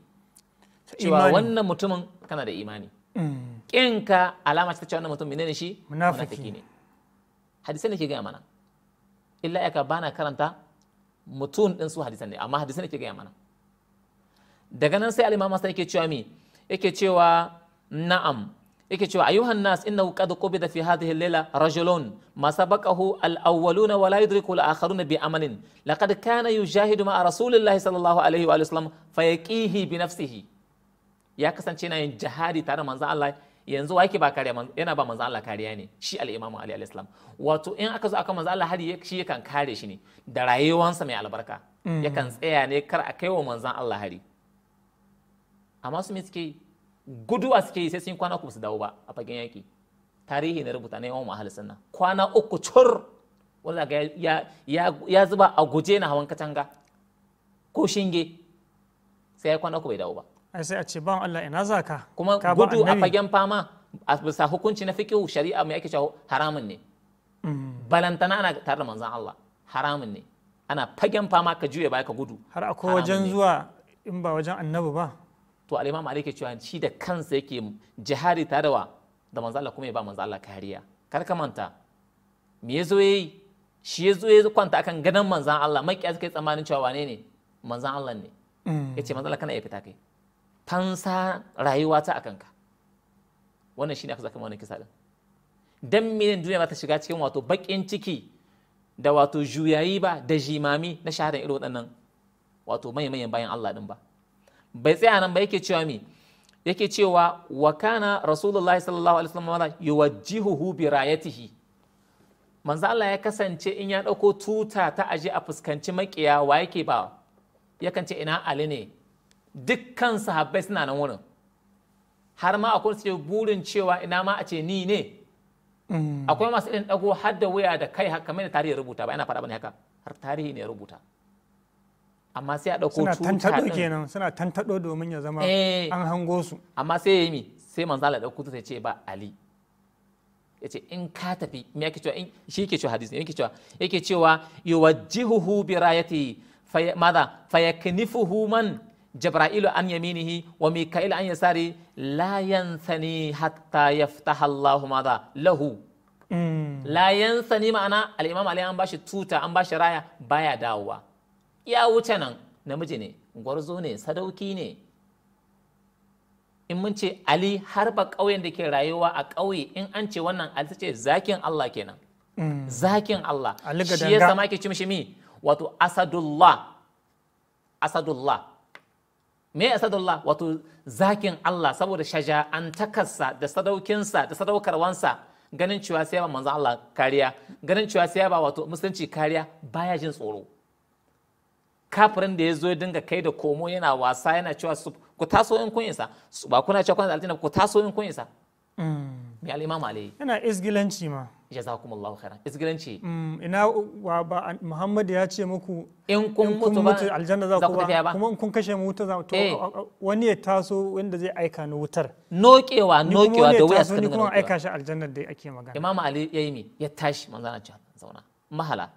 cewa wannan mutumin kana da imani mm. ka alama ce ta cewa wannan mutum menene shi munafiki ne hadisan da ke gaya mana illa yaka bana karanta mutum din su hadisan ne amma hadisan da ke gaya mana daga nan sai al-imam Hassan yake cewa me yake cewa na'am yake cewa ayyuhan nas innahu qad qubida fi hadhihi al-laila rajulun ma sabaqahu al-awwaluna wa la yudriku al-akharuna bi amalin laqad kana yujahidu ma rasulillahi sallallahu alaihi wa sallam fayaqihi bi nafsihi ya kasance yana yin jihadi tare manzon Allah yanzu wa yake ba kariya yana ba manzon Allah kariya ne shi al-imam Ali alaihi salam wato in aka zo aka manzon Allah hari shi yakan kare shi ne da rayuwansa mai albarka mm. yakan tsaya ne kar a kai wa manzon Allah hari amma su me suke yi guduwa suke yi sai sun kwana uku su dawo ba a fagen yaki tarihi na rubuta na yawan ahli sannan. kwana uku cur wanda ga ya zuba a guje na hawan katanga ko shinge sai ya kwana uku bai dawo ba ai sai a ce ban Allah ina za ka? kuma gudu a fagen fama a bisa hukunci na fiqh shari'a mai yake cewa haramun ne mm. balantana ana tare da manzon Allah haramun ne ana fagen fama ka juya baya ka gudu har akwai wajen zuwa in ba wajen annabi ba to al-imam malik cewa shi da kansa yake jihari tare da da manzo Allah kuma ya ba manzo Allah kariya kar ka manta me yazo yayi shi yazo ya kwanta akan gadan manzan Allah mai suka kai tsammanin cewa wane ne manzan Allah ne mm. yace manzo Allah kana iya fita kai fansa rayuwa ta akan ka wannan shine aka zaka wannan kisa din dan menen duniya ba ta shiga cikin wato bakin ciki da wato juyayi ba da jimami na shahadan irin waɗannan wato mayan mayan bayan Allah din ba bai tsaya nan ba yake cewa me yake cewa wa kana rasulullahi sallallahu alaihi wasallam yuwajjihuhu bi rayatihi manzo Allah ya kasance in ya dauko tuta ta aje a fuskanci makiya wa yake ba yakan ce ina ali ne dukkan sahabbai suna nan wurin har ma akwai su burin cewa ina ma a ce ni ne mm. akwai masu irin dago har da wuya da kai haka da tarihi rubuta ba ina faɗa bane haka har tarihi ne rubuta amma sai a ɗauko tuta suna tantaɗo kenan suna tantaɗo domin ya zama eh. an hango su amma sai ya yi mi sai manzo Allah ɗauko tuta ya ce ba Ali ya ce in ka tafi me yake cewa shi yake cewa hadisi yake cewa yake cewa yuwajjihuhu bi rayati madha fayaknifuhu man jabra'ilu an yaminihi wa mika'il an yasari la yansani hatta yaftaha Allahu madha lahu mm. la yansani ma'ana al-imam Ali an bashi tuta an bashi raya baya dawowa ya wuce nan namiji ne gwarzo ne sadauki ne in mun ce ali har ba ƙauyen da ke rayuwa a ƙauye in an ce wannan ali ce zakin allah kenan mm. zakin allah shi ya sama ke cimshi mi wato asadullah asadullah me asadullah wato zakin allah saboda an takarsa da sadaukinsa da sadaukarwansa ganin cewa sai ba manzon allah kariya ganin cewa sai ba wato musulunci kariya baya jin tsoro kafirin da ya zo ya dinga kai da komo yana wasa yana cewa su ku taso in kun isa ba kuna cewa kuna da aljanna ku taso in kun isa mai mm. al'imam alayhi yana izgilanci ma jazakumullahu khairan izgilanci mm, ina wa ba muhammad ya ce muku in kun mutu aljanna za ku ba kuma in kun kashe mu wuta za ku eh. wani ya taso wanda zai aika ni wutar nokewa nokewa da wuya suka dinga aika shi aljannar da ake magana imam ali yayi me ya tashi manzana zauna mahala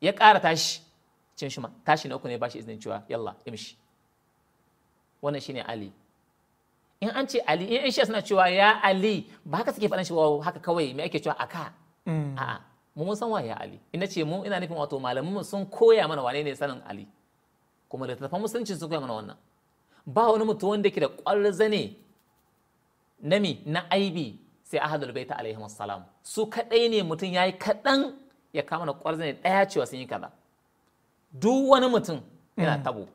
ya ƙara tashi cin shi ma tashi na uku ne bashi shi izinin cewa yalla imshi wannan shine ali in an ce ali in shi suna cewa ya ali ba haka suke faɗan shi haka kawai me ake cewa aka mm. a'a mu mun san wa ya ali ina ce mu ina nufin wato malamin sun koya mana wane ne sanin ali kuma da tafan musulunci sun koya mana wannan ba wani mutum wanda ke da ƙwarza zane. nami na aibi sai ahadul baita alaihi salam su kaɗai ne mutum yayi kaɗan ya kama na ƙwarza ɗaya ɗaya cewa sun yi kaza duk wani mutum yana mm. tabo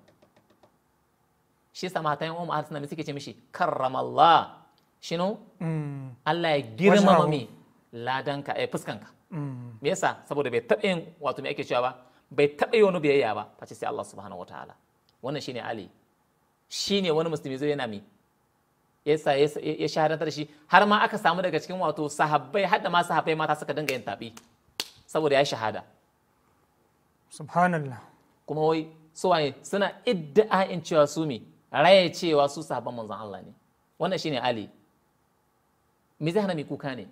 shi yasa mata yan umma ahlus suke ce mishi karramallah shi no mm. Allah ya girmama me ladanka eh fuskanka mm. me yasa saboda bai taɓa yin wato me ake cewa ba bai taɓa yi wani biyayya ba face sai Allah subhanahu wataala wannan shine Ali shine wani musulmi zai yana mi yasa ya shahadantar shi har ma aka samu daga cikin wato sahabbai har da ma sahabbai mata suka dinga yin tabi saboda ya shahada subhanallah kuma wai su waye suna in cewa su me raya cewa su sahabban manzon Allah ne wannan shine ali me zai hana mai kuka ne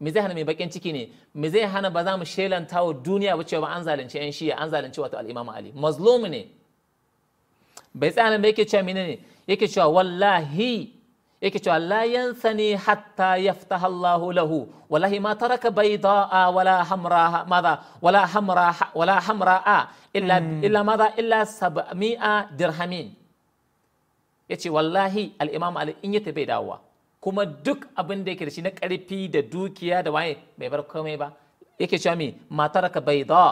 me zai hana mai bakin ciki ne me zai hana ba za mu shelanta wa duniya ba cewa an zalunci yan shiya an zalunci wato al-imamu ali mazlum ne bai tsaya nan ba yake cewa menene yake cewa wallahi yake cewa la yansani hatta yaftaha Allah lahu wallahi ma taraka baydaa wala hamra madha wala hamra wala hamra illa hmm. illa madha illa 700 dirhamin yace wallahi al-imam Ali in yace bai dawowa kuma duk abin da yake da shi na karfi da dukiya da waye bai bar komai ba yake cewa me ma taraka bayda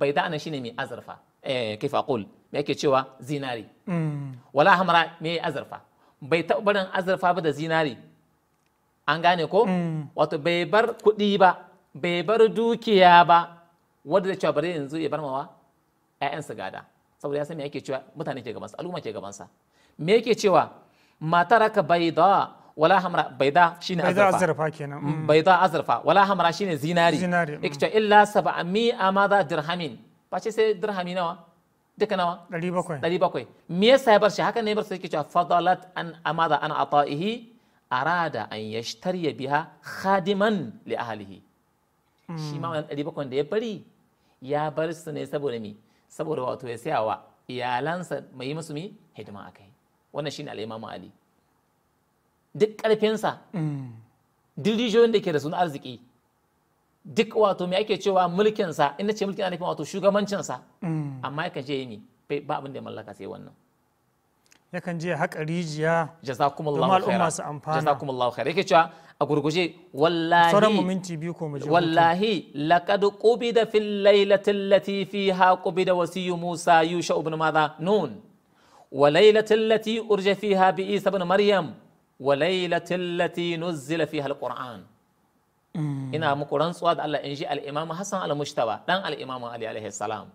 bayda anan shine mai azurfa eh kaifa aqul me yake cewa zinari hmm. wala hamra me azurfa bai taɓa barin azurfa ba da zinari an gane ko mm. wato bai bar kuɗi ba bai bar dukiya ba wadda da cewa bari yanzu ya bar mawa 'ya'yansa gada saboda ya san me yake cewa mutane ke gabansa al'umma ke gabansa me yake cewa mataraka da wala hamra da shine azurfa azurfa kenan mm. mm, baida azurfa wala hamra shine zinari zinari yake cewa illa sab'a mi'a madha dirhamin face sai dirhami nawa duka nawa 700 me yasa ya bar shi haka ne bar sai ke cewa fadalat an amada an ata'ihi arada an yashtariya biha khadiman li ahlihi shi ma wannan 700 da ya bari ya bar su ne saboda mi saboda wato ya saya wa iyalansa mai yi musu mi hidima akai wannan shine al-imamu ali duk karfinsa duk da ke da suna arziki duk wato me ake cewa sa in ce mulkin ana nufin wato sa amma yakan je yimi ba abin da mallaka sai wannan yakan je haƙa rijiya jazakumullahu al'umma su amfana jazakumullahu khair yake cewa a gurguje wallahi sauran mu minti biyu ko mu je wallahi laqad qubida fil lailati allati fiha qubida wasiy musa yusha ibn madha nun wa lailati allati urja fiha bi isa ibn maryam wa lailati allati nuzila fiha alquran Mm. ina muku rantsuwa da Allah in ji al Hassan al-Mustafa dan al Ali alaihi salam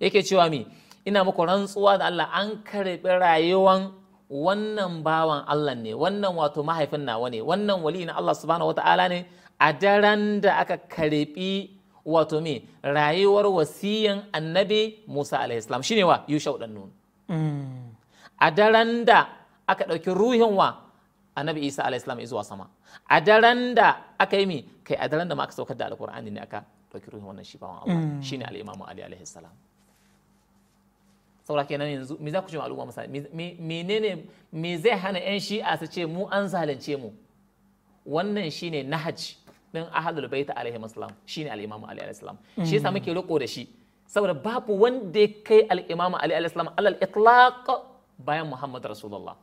yake cewa mi ina muku rantsuwa da Allah an karbi rayuwan wannan bawan Allah ne wannan wato mahaifin nawa ne wannan wali na Allah subhanahu wata'ala ne a daren da aka karbi wato me rayuwar wasiyan annabi Musa alaihi salam shine wa Yushau mm. a daren da aka ɗauki ruhin wa annabi isa alayhi salam zuwa sama a daren da aka yi mi kai a daren da ma aka saukar da alkur'ani ne aka dauki ruhin wannan shi bawan Allah mm. shine al-imamu ali alayhi salam saura kenan yanzu me za ku ce ma al'umma misali menene me zai hana yan shi'a su ce mu an zalunce mu wannan shine nahaj din ahlul bait alaihi salam shine al-imamu ali alayhi salam mm. shi yasa muke riko da shi saboda babu wanda ya kai al-imamu ali alayhi salam alal itlaq bayan muhammad rasulullah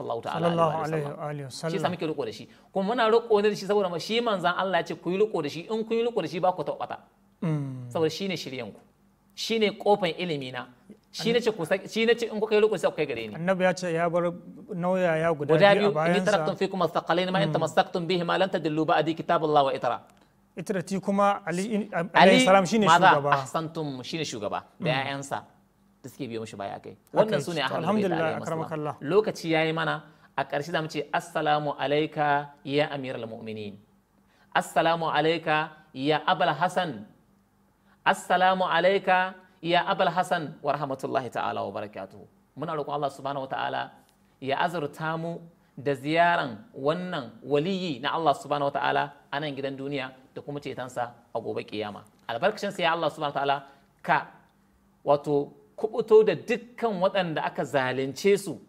sallallahu ta'ala alaihi wa sallam shi sa muke riko da shi kuma muna riko da shi saboda ma shi manzan Allah ya ce ku yi riko da shi in kun yi riko da shi ba ku tabbata mm. saboda shine shiryen ku shine kofan ilimi na shi ne ce ku shi ne ce in kuka yi riko sai kai gare ni annabi ya ce ya bar nauya ya guda biyu a bayan sa in taraktum fikum athqalain ma in mm. tamassaktum bihi ma lan tadillu ba'di kitaballahi wa itra ti kuma ali alayhi salam shine shugaba Ali ahsantum shine shugaba da 'ya'yansa mm. da suke biyo mishi baya kai wannan sune ahlul bait lokaci yayi mana a ƙarshe zamu ce assalamu alayka ya amiral mu'minin assalamu alayka ya abul hasan assalamu alayka ya abul hasan wa rahmatullahi ta'ala wa barakatuhu muna roƙon Allah subhanahu ta'ala ya azurta mu da ziyaran wannan waliyi na Allah subhanahu ta'ala a nan gidan duniya da kuma cetonsa a gobe kiyama albarkacin sai ya Allah subhanahu ta'ala ka wato kubuto da dukkan waɗanda aka zalunce su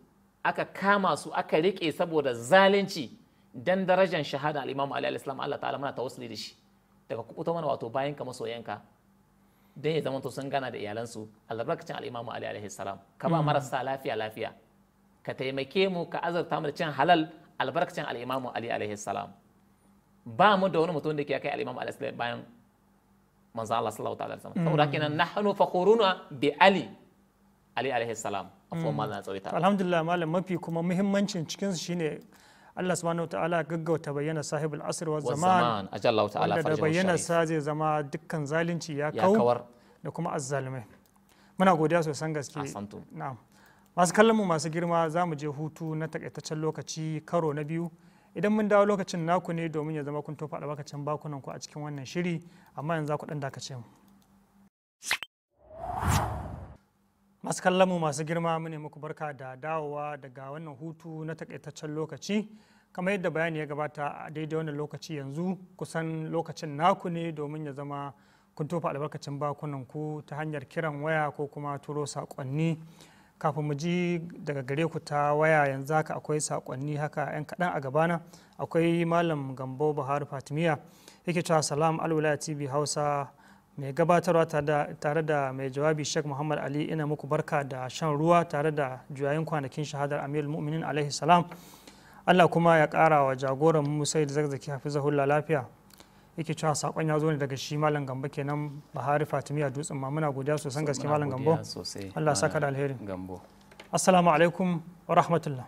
aka kama su aka riƙe saboda zalunci dan darajar shahada al-Imam Ali al-Islam Allah ta'ala muna tawassuli da shi daga kubuto mana wato bayan ka masoyanka dan ya zamanto sun gana da iyalan iyalansu albarkacin al-Imam Ali alaihi salam ka ba mm. marasa lafiya lafiya ka taimake mu ka azurta mu da cin halal albarkacin al-Imam Ali alaihi salam ba mu da wani mutum da ke kai al-Imam Ali bayan manzo Allah sallallahu ta'ala alaihi wasallam mm. saboda kenan nahnu fakhuruna bi Ali ali alaihi salam afuwan hmm. malam tsawaita alhamdulillah malam mafi kuma muhimmancin cikinsu shine Allah subhanahu ta'ala gaggauta bayyana sahibul asr wa zaman da bayyana sa zai zama dukkan zalunci ya kawar da kuma azzalumai muna godiya sosan gaske na'am masu kallon mu masu girma za mu je hutu na takaitaccen lokaci karo na biyu idan mun dawo lokacin naku ne domin ya zama kun tofa albarkacin bakunan ku a cikin wannan shiri amma yanzu ku dan dakace mu masu masu girma mune muku barka da dawowa daga wannan hutu na takaitaccen lokaci kamar yadda bayani ya gabata a daidai wannan lokaci yanzu kusan lokacin naku ne domin ya zama kun tofa albarkacin bakunan ku ta hanyar kiran waya ko kuma turo saƙonni kafin mu ji daga gare ku ta waya yanzu haka akwai sakonni haka yan kaɗan a gabana akwai malam gambo buhari fatimiya yake cewa salam alwala tv hausa mai gabatarwa tare da mai jawabi sheikh muhammad ali ina muku barka da shan ruwa tare da juyayin kwanakin shahadar amir mu'minin alaihi salam allah kuma ya kara wa jagoran musai da zakzaki hafizahullah lafiya yake cewa sakon ya zo ne daga shi malam gambo kenan bahari Fatimiyya dutsen ma muna godiya sosan gaske malam gambo allah saka da alheri assalamu alaikum wa rahmatullah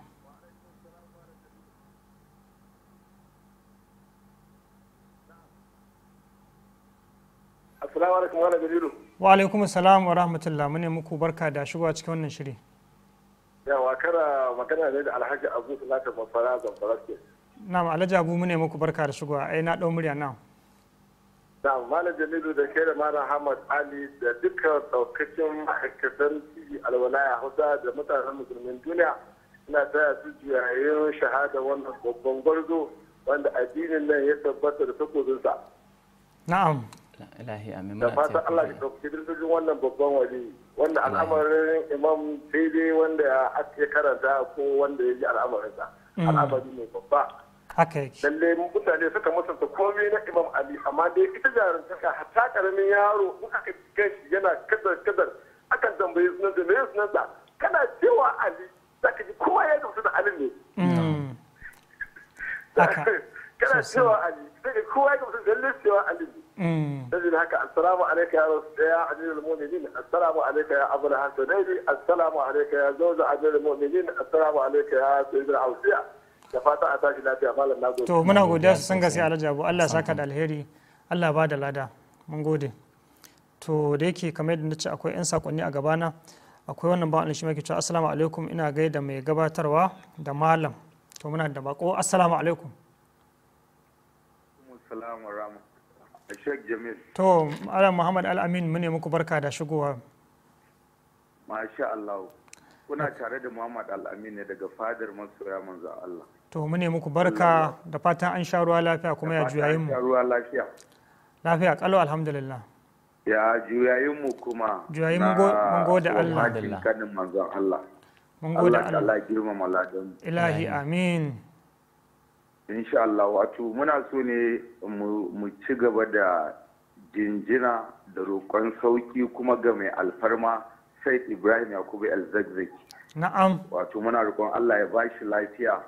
Assalamu alaikum wa Wa alaikum assalam wa rahmatullah mune muku barka da shigowa cikin wannan shiri. Yawa kara magana ne da Alhaji Abu Sulata Mafara Zamfara ke. Na'am Alhaji Abu mune muku barka da shigowa ai eh, na dau murya na. Na'am Malam Jalilu da ke da Malam Ahmad Ali da duka daukacin ma'aikatan TV Alwalaya Hausa da mutanen musulmin duniya ina taya su yin shahada wannan babban gwarzo wanda addinin nan ya tabbata da takobinsa. Na'am. ilahi amin da fata Allah ya dauki dirgin wannan babban wali wanda al'amarin imam daidai wanda ake karanta ko wanda ya ji al'amarinsa mm. al'amari ne babba haka yake lalle mutane suka musanta komai na imam ali amma dai ita jarumtaka hatta karamin yaro in aka kai shi yana kadar kadar akan tambaye sunan da me sunan sa kana cewa ali zaka ji kowa ya gamsu da ali ne mm. [laughs] [laughs] kana cewa ali sai kowa ya gamsu da ali ne Mm. saboda haka assalamu alaika ya rasul ya amirul mu'minin assalamu alaika ya abul hasanai assalamu alaika ya zawza amirul mu'minin assalamu alaika ya sayyidul awsiya da fata a tashi lafiya malam na gobe. to muna godiya su san gaske alhaji abu Allah sa ka da alheri Allah ba da lada mun gode to da yake kamar yadda ce akwai yan sakonni a gabana akwai wannan ba Allah shi mai cewa assalamu alaikum ina gaida mai gabatarwa da malam to muna da bako assalamu assalamu alaikum Sheikh Jamil. To, Alam Muhammad Al-Amin mune muku barka da shigowa. Masha Allah. Kuna tare da Muhammad Al-Amin ne daga fadar masoya manzo Allah. To, mune muku barka da fatan an sha ruwa lafiya kuma ya juyayin mu. ruwa lafiya. Lafiya kalau alhamdulillah. Ya juyayin mu kuma. Juyayin mun gode Allah. Allah. Mun gode Allah. Allah girmama ladan. Ilahi amin. insha Allah wato muna so ne mu ci gaba da jinjina da roƙon sauki kuma ga mai alfarma sai Ibrahim Yakubu El-Zagzaki. Na'am. Wato muna roƙon Allah ya bashi lafiya.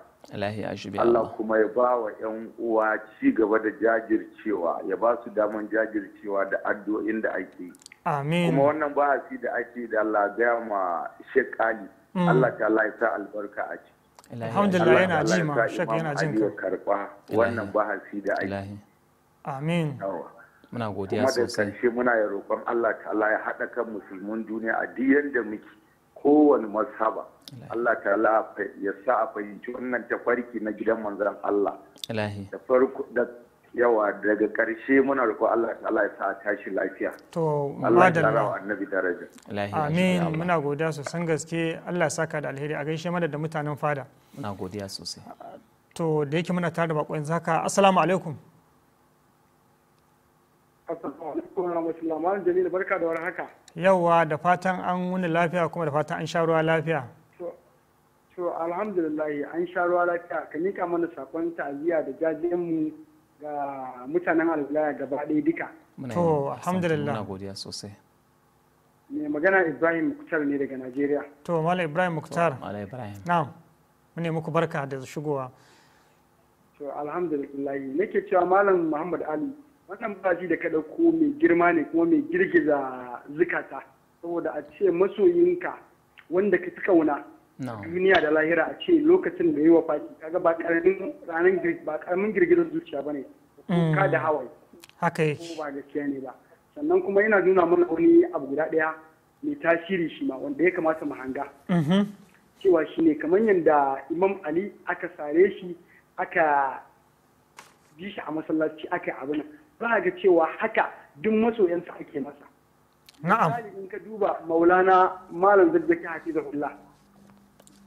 Allah kuma ya ba wa 'yan uwa ci gaba da jajircewa ya ba su daman jajircewa da addu'o'in da ake. Amin. Kuma wannan bahasi da ake da Allah gaya ma shekali mm. Allah ta Allah albarka a ciki. alhamdulillah yana ji ma shakka yana jin ka karba wannan bahasi da aiki amin muna godiya sosai kuma da muna ya roƙon Allah ta'ala ya haɗa kan musulmin duniya a duk yanda muke kowane mazhaba Allah ta'ala ya sa a fahimci wannan tafarki na gidan manzon Allah da farko yawa daga ƙarshe muna roƙo Allah ta Allah ya sa tashi lafiya to annabi daraja amin muna godiya sosan gaske Allah saka da alheri a gaishe mana da mutanen fada muna godiya sosai to da yake muna tare da bakon zaka assalamu alaikum assalamu alaikum warahmatullahi malam jamilu barka da warhaka yawa da fatan an wuni lafiya kuma da fatan an sha ruwa lafiya to alhamdulillah an sha ruwa lafiya ka kama mana sakon ta'aziyya da jajiyan mu ga mutanen alwilaya gaba ɗaya duka. To alhamdulillah. Muna godiya sosai. Mai magana Ibrahim Muktar ne daga Najeriya. To Mala Ibrahim Muktar. Mala Ibrahim. Na, Mune muku barka da shigowa. To alhamdulillah nake cewa Malam Muhammad Ali wannan baji da ka ɗauko mai girma ne kuma mai girgiza zukata saboda a ce masoyinka wanda ka fi kauna duniya da lahira a ce lokacin da yi wa faki kaga ba karamin ranar ba karamin girgizar zuciya bane kuka mm. da hawaye haka yake ba gaskiya ne ba sannan kuma yana nuna mana wani abu guda daya mai tasiri shi ma wanda ya kamata mu hanga mm-hmm. cewa shi ne kamar yadda imam ali aka sare shi aka ji shi a masallaci aka yi abin ba ga cewa haka duk masoyansa ake masa na'am in ka duba maulana malam zaddaki hafizahullah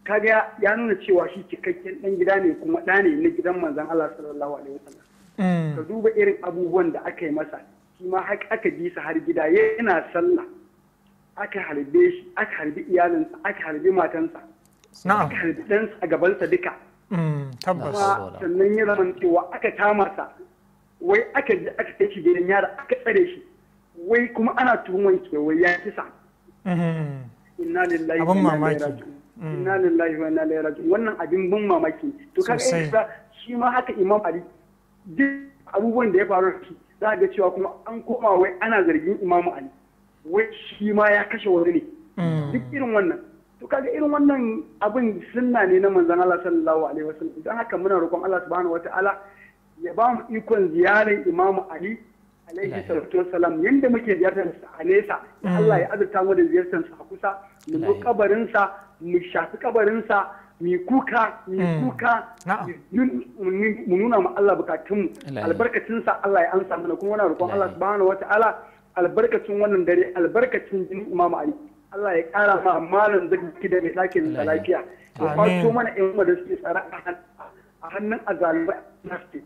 kaga ya nuna cewa shi cikakken dan gida ne kuma ɗa ne na gidan manzon Allah sallallahu alaihi wasallam mm. ka duba irin abubuwan da aka yi masa shi ma aka bi sa har gida yana sallah aka harbe shi aka harbi iyalinsa aka harbi matansa aka harbi ɗansa a gabansa duka mm, tabbas sannan ya zama cewa aka kama sa wai aka je aka kai shi gidan yara aka tsare shi wai kuma ana tuhumar wai ya kisa mm-hmm. inna lillahi abin mamaki Mm. inna lillahi wa inna ilaihi raji'un wannan abin ban mamaki to kaga yadda shi ma haka imam ali duk abubuwan da ya faru da shi za ga cewa kuma an koma wai ana zargin imam ali wai shi ma ya kashe wani ne mm. duk irin wannan to kaga irin wannan abin sunna ne na manzon Allah sallallahu alaihi wasallam don haka muna roƙon Allah subhanahu wataala ya ba mu ikon ziyarar imam ali alaihi salatu wasalam yanda muke ziyartar sa a nesa mm. Allah ya azurta mu da ziyartar sa a kusa mu zo kabarin sa mu shafi kabarinsa, sa mu kuka mu mm. kuka mu nuna ma Allah bukatun mu albarkacin sa Allah ya ansa mana kuma wannan roƙon Allah subhanahu wataala albarkacin wannan dare albarkacin jinin Imam Ali Allah ya ƙara ma malam zaki da mai sake da lafiya ya kwato mana in ƴan da suke tsara a hannun azalimai na suke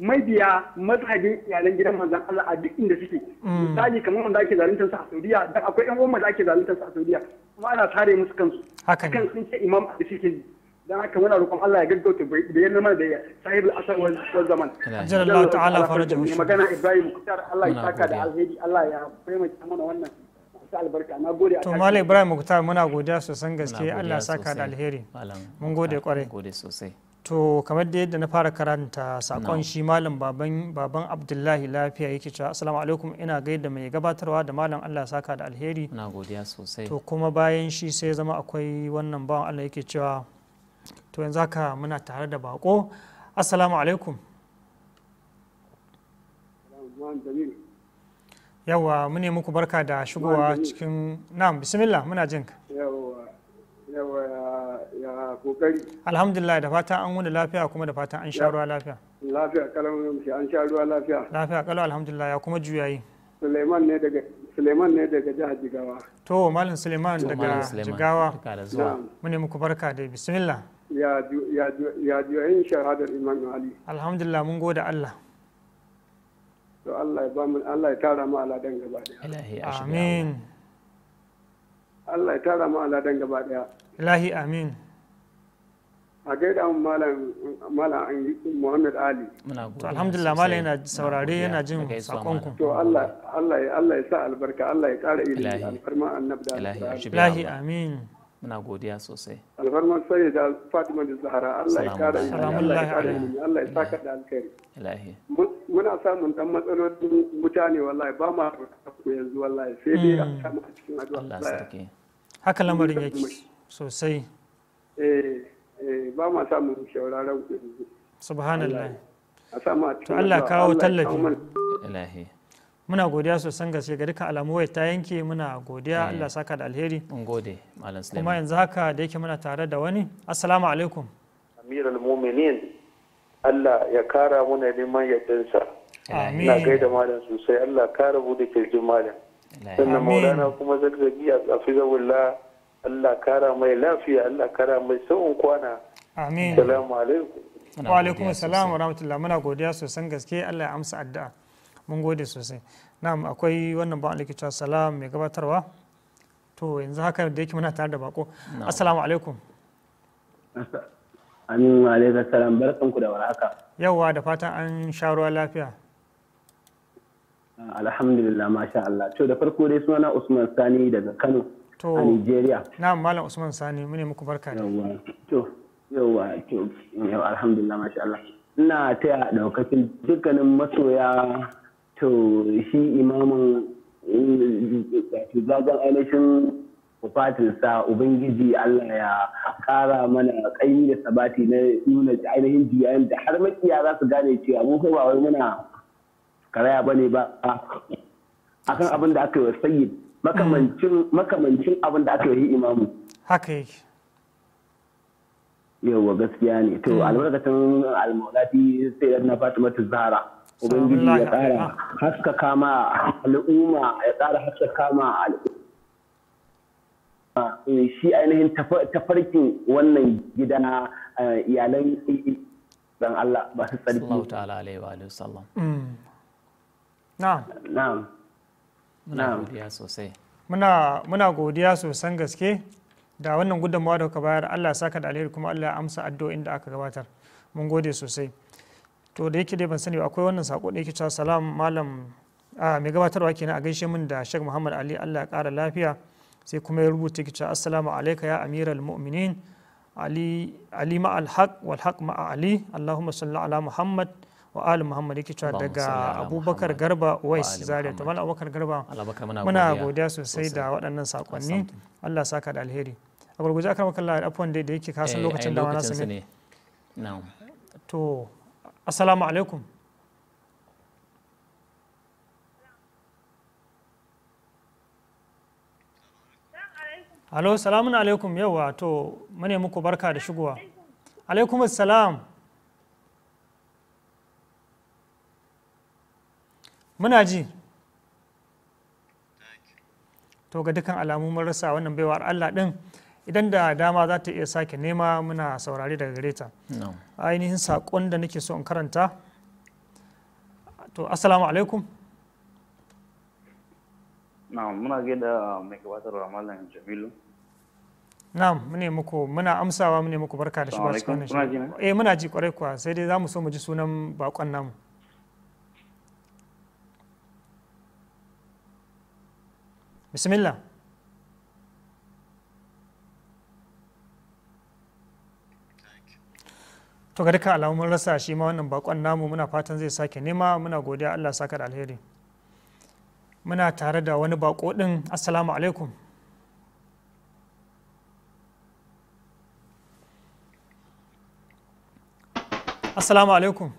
mabiya mazhabin iyalan gidan manzan Allah a duk inda suke mm. misali kamar wanda ake zaluntar su a Saudiya dan akwai ƴan uwan da ake zaluntar su a Saudiya kuma ana tare musu kansu kan sun ce imam da suke yi dan haka muna roƙon Allah ya gaggauta bayyana mana da sahibi al-asar wal zaman Allah ta'ala mushi. magana Ibrahim Kutar Allah ya saka da alheri Allah ya fahimta mana wannan to malam ibrahim muktar muna godiya sosan gaske allah saka da alheri mun gode kwarai gode sosai to kamar da yadda na fara karanta sakon shi malam baban abdullahi lafiya yake cewa assalamu alaikum ina gaida mai gabatarwa da malam allah saka da alheri na godiya sosai to kuma bayan shi sai zama akwai wannan bawan allah yake cewa to yanzu haka muna tare da bako assalamu alaikum yawa mune muku barka da shigowa cikin na'am bismillah muna jinka yawa yawa ya kokari alhamdulillah da fatan an wuni lafiya kuma da fatan an sha ruwa lafiya lafiya kalan shi an sha ruwa lafiya lafiya kalau alhamdulillah ya kuma juyayi suleiman ne daga suleiman ne daga jihar jigawa to malam suleiman daga jigawa mune muku barka da bismillah ya ya juyayin shahadar imam ali alhamdulillah mun gode allah to Allah ya mu Allah ya tara mu aladan gaba daya amin Allah ya tara mu aladan gaba daya Ilahi amin. A gaida malam an malam Muhammad Ali. To alhamdulillah malam yana saurare yana jin sakonku. To Allah Allah Allah ya sa albarka Allah ya ƙara ilimi alfarma annabi da Ilahi amin. Muna godiya sosai. Alfarma sai da Fatima da Zahra Allah ya ƙara ilimi Allah ya ƙara ilimi Allah ya sa ka da alkhairi. Ilahi. Muna samun dan matsalolin mutane wallahi ba ma yanzu wallahi sai dai a hmm. samu a cikin addu'a. Allah ya sarki. Haka lamarin yake. sosai eh, eh, ba ma samun shauraron kuɗi subhanallah to Allah kawo tallafi ilahi muna godiya sosan gaske ga dukkan alamu wai ta yanke muna godiya Allah saka da alheri mun gode malam Sulaiman kuma yanzu haka da yake muna tare da wani assalamu alaikum Amiral mu'minin Allah ya kara muna neman Amin. na gaida malam sosai Allah kara bude kirjin malam sannan maulana kuma zagzagi a tsafi tsafizawullah Allah kara mai lafiya Allah kara mai sa'un kwana amin salamu alaikum wa alaikum salam wa rahmatullah muna godiya sosan gaske Allah ya amsa addu'a mun gode sosai na'am akwai wannan ba alaikum salam mai gabatarwa to yanzu haka da yake muna tare da bako assalamu alaikum [laughs] amin wa alaikum salam barkanku da warhaka yawa da fatan an sha ruwa lafiya alhamdulillah masha Allah to da farko dai suna Usman Sani daga Kano a Nigeria. Na Malam Usman Sani mune muku barka da. Yawwa to yawwa to yawwa alhamdulillah masha Allah. Ina taya daukacin dukkanin masoya to shi imamin wato zagon ainihin sa ubangiji Allah ya kara mana kaimi da sabati na nuna ainihin juyayen da har makiya za su gane cewa mu ba wai muna karaya bane ba akan abin da aka yi wa sayyid makamancin makamancin abin da aka yi imamu haka yake yawa gaskiya ne to albarkatun almaulati sai na fatima zahra ubangiji ya tsara haska kama al'umma ya tsara haska kama al'umma shi ainihin tafarkin wannan gida na iyalan dan Allah ba su tsarki. Allah ta'ala alaihi wa sallam. Na'am. Na'am. muna godiya sosai muna godiya sosan gaske da wannan gudunmawa da kuka bayar Allah saka da alheri kuma Allah ya amsa addu'o'in da aka gabatar mun gode sosai to da yake dai ban sani ba akwai wannan sako da yake cewa salam malam mai gabatarwa kenan a gaishe min da Sheikh Muhammad Ali Allah ya kara lafiya sai kuma ya rubuta yake cewa assalamu alayka ya amiral mu'minin Ali Ali ma'al alhaq wal haq ma'a Ali Allahumma salli ala Muhammad wa ali muhammad yake cewa daga abubakar garba wais zaria to malam abubakar garba muna godiya sosai da waɗannan sakonni allah saka da alheri a gurguje akan makalla afwan da yake kasan eh, lokacin da wana sani to assalamu alaikum Alo, salamun alaikum yau wato mune muku barka da shigowa. Alaikum salam. muna ji to ga dukkan alamu mun rasa wannan baiwar Allah din idan da dama za ta iya sake nema muna saurare daga gare ta ainihin saƙon da nake so in karanta to assalamu alaikum na'am muna gida mai gabatar da Mallam jamilu na'am mune muku muna amsawa mune muku barka da shi ba su kwanan shi eh muna ji kwarai kuwa sai dai za mu so mu ji sunan bakon namu الله to ga duka alamun rasa shi ma wannan bakon namu muna fatan zai sake nema muna godiya allah saka da alheri muna tare da wani bako din assalamu alaikum assalamu alaikum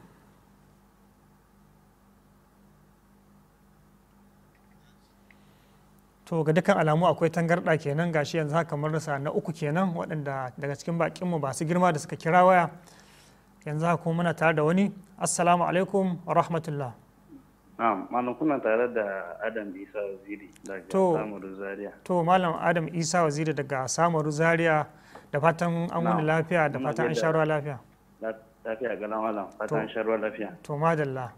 to ga dukkan alamu akwai tangarɗa kenan gashi yanzu haka marasa na uku kenan waɗanda daga cikin ba su girma da suka kira waya yanzu haka kuma muna tare da wani assalamu alaikum wa rahmatullah malam kuna tare da adam isa waziri daga samaru zaria to malam adam isa waziri daga samaru zaria da fatan an wani lafiya da fatan an sharuwa lafiya lafiya ga malam fatan sharuwa lafiya to madalla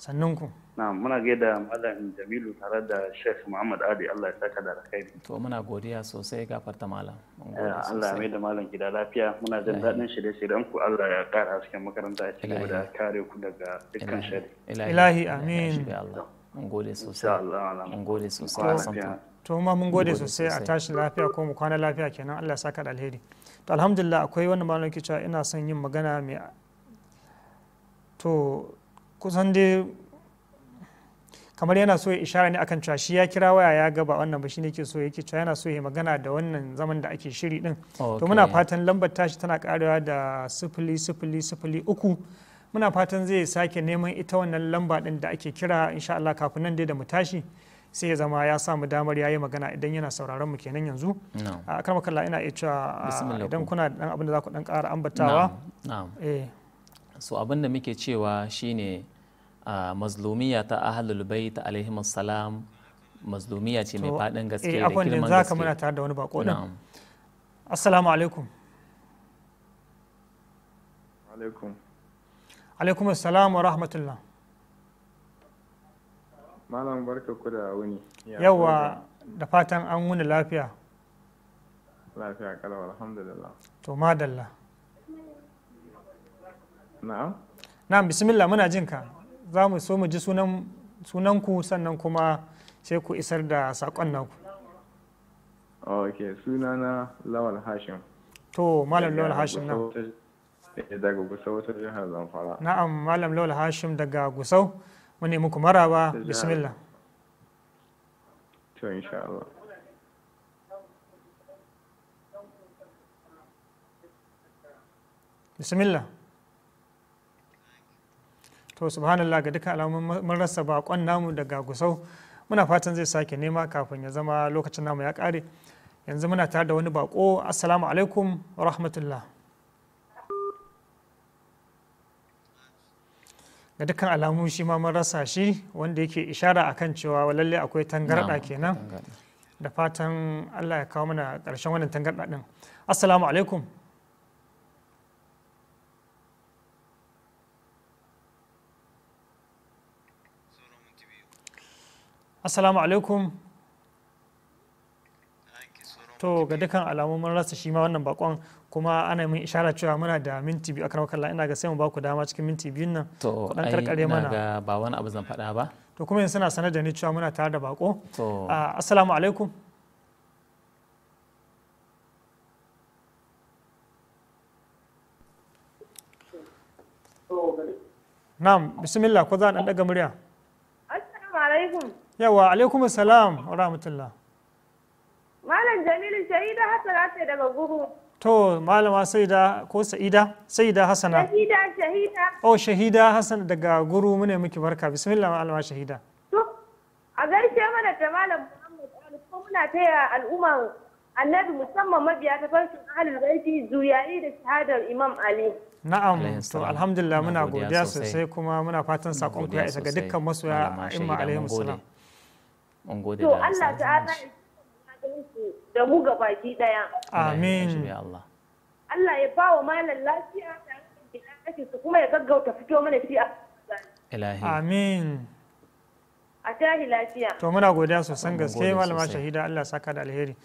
sannan ku na muna gaida malam jamilu tare da sheikh muhammad adi allah ya saka da alkhairi to muna godiya sosai gafarta malam eh, allah mai da malam gida lafiya muna jin daɗin shirye-shiryen ku allah ya ƙara hasken makaranta ya ci gaba da kare ku daga dukkan shari ilahi amin mun gode sosai mun gode sosai to ma mun gode sosai a tashi lafiya ko mu kwana lafiya kenan allah ya saka da alheri to alhamdulillah akwai wani malam ke cewa ina son yin magana mai to kusan dai kamar yana so ya ishara ne akan cewa shi ya kira waya ya gaba wannan ba shine ke so yake cewa yana so ya magana da wannan zaman da ake shiri din to muna fatan lambar tashi tana karewa da sifili sifili sifili uku muna fatan zai sake neman ita wannan lamba din da ake kira insha Allah kafin nan dai da mu tashi sai ya zama ya samu damar ya yi magana idan yana sauraron mu kenan yanzu a karma kalla ina iya cewa idan kuna da dan abin da za ku dan kara ambatawa eh. so abin da muke cewa shine Ah, mazlumiya ta ahlul bait alaihim salam mazlumiya ce mai fadin gaske eh, da girman gaske za ka muna tare da wani bako din assalamu alaikum alaikum alaikum assalam wa rahmatullah malam barka ku da wuni yawa da fatan an wuni lafiya lafiya alhamdulillah to madalla na'am na'am bismillah muna jinka. ka za mu so mu ji sunanku sannan kuma sai ku isar da saƙon naku ok sunana lawal hashim to malam lawal hashim na. Eh, daga gusau ta jihar zamfara na'am malam lawal hashim daga gusau mu ne muku maraba bismillah to insha Allah bismillah to subhanallah ga duka alamun mun rasa bakon namu daga gusau muna fatan zai sake nema kafin ya zama lokacin namu ya kare yanzu muna tare da wani bako assalamu alaikum wa rahmatullah ga dukkan alamu shi ma mun rasa shi wanda yake ishara akan cewa walalle akwai tangarɗa kenan da fatan allah ya kawo mana ƙarshen wannan tangarɗa ɗin assalamu alaikum assalamu alaikum to ga dukkan alamu mun rasa shi ma wannan bakon kuma ana min ishara cewa muna da minti biyu akan wakalla ina ga sai mu baku dama cikin minti biyun nan to ai ina ga ba wani abu zan faɗa ba to kuma yanzu suna sanar da ni cewa muna tare da bako to ah, assalamu alaikum Na'am, bismillah ko za a ɗaga murya. Assalamu alaikum. yawa alaikum salam wa rahmatullah malam jamilu shaida hasana ce daga guhu to malama saida ko sa'ida saida hasana shahida shahida oh shahida hasana daga guru mune miki barka bismillah malama shahida to a gaishe mana ta malam muhammad ko muna taya al'umma annabi musamman mabiya ta farkin ahlul baiti zuriyayi da shahadar imam ali na'am to alhamdulillah muna godiya sosai kuma muna fatan sakon ya isa ga dukkan masoya imma alaihi salam mun gode da Allah ta'ala da mu ga baki daya amin Allah Allah ya bawa malam lafiya tare da kuma ya gaggauta fito mana shi a ilahi amin a tahi lafiya to muna godiya sosan gaske malama shahida Allah saka da alheri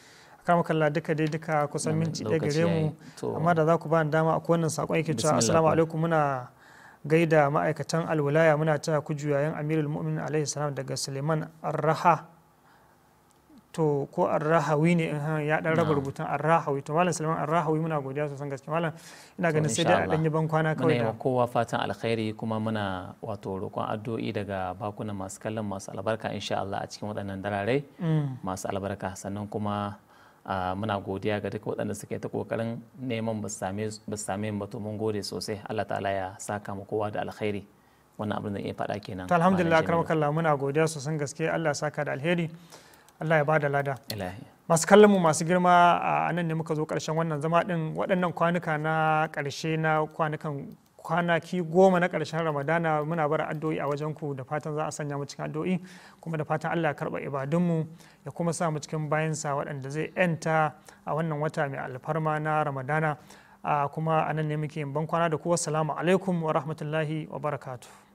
kama kalla duka dai duka kusan minti ɗaya gare mu amma da za ku ba dama akwai wannan saƙon yake cewa assalamu alaikum muna gaida ma'aikatan alwalaya muna ta ku juyayen amirul mu'min alaihi salam daga suleiman arraha to ko arrahawi ne ya dan raba rubutun arrahawi to malam suleiman arrahawi muna godiya sosan gaske malam ina ganin sai dai a dan yi ban kwana kawai kowa fatan alkhairi kuma muna wato roƙon addu'o'i daga bakunan masu kallon masu albarka insha Allah a cikin waɗannan darare mm. masu albarka sannan kuma Ah, muna godiya ga duka waɗanda suka yi ta kokarin neman ba su same ba to mun gode sosai Allah ta'ala ya saka mu kowa da alkhairi wannan abin da ya faɗa kenan to alhamdulillah kalla muna godiya sosan gaske Allah ya saka da alheri Allah ya bada lada masu kallon mu masu girma a nan ne muka zo ƙarshen wannan zama ɗin waɗannan kwanuka na ƙarshe na kwanukan kwanaki goma na ƙarshen ramadana muna bar addu'o'i a wajen ku da fatan za a sanya mu cikin addu'o'i kuma da fatan allah ya karɓa ibadunmu ya kuma sa mu cikin bayansa waɗanda zai yanta a wannan wata mai alfarma na ramadana kuma a nan ne muke ban kwana da kuwa salamu alaikum wa rahmatullahi wa barakatuh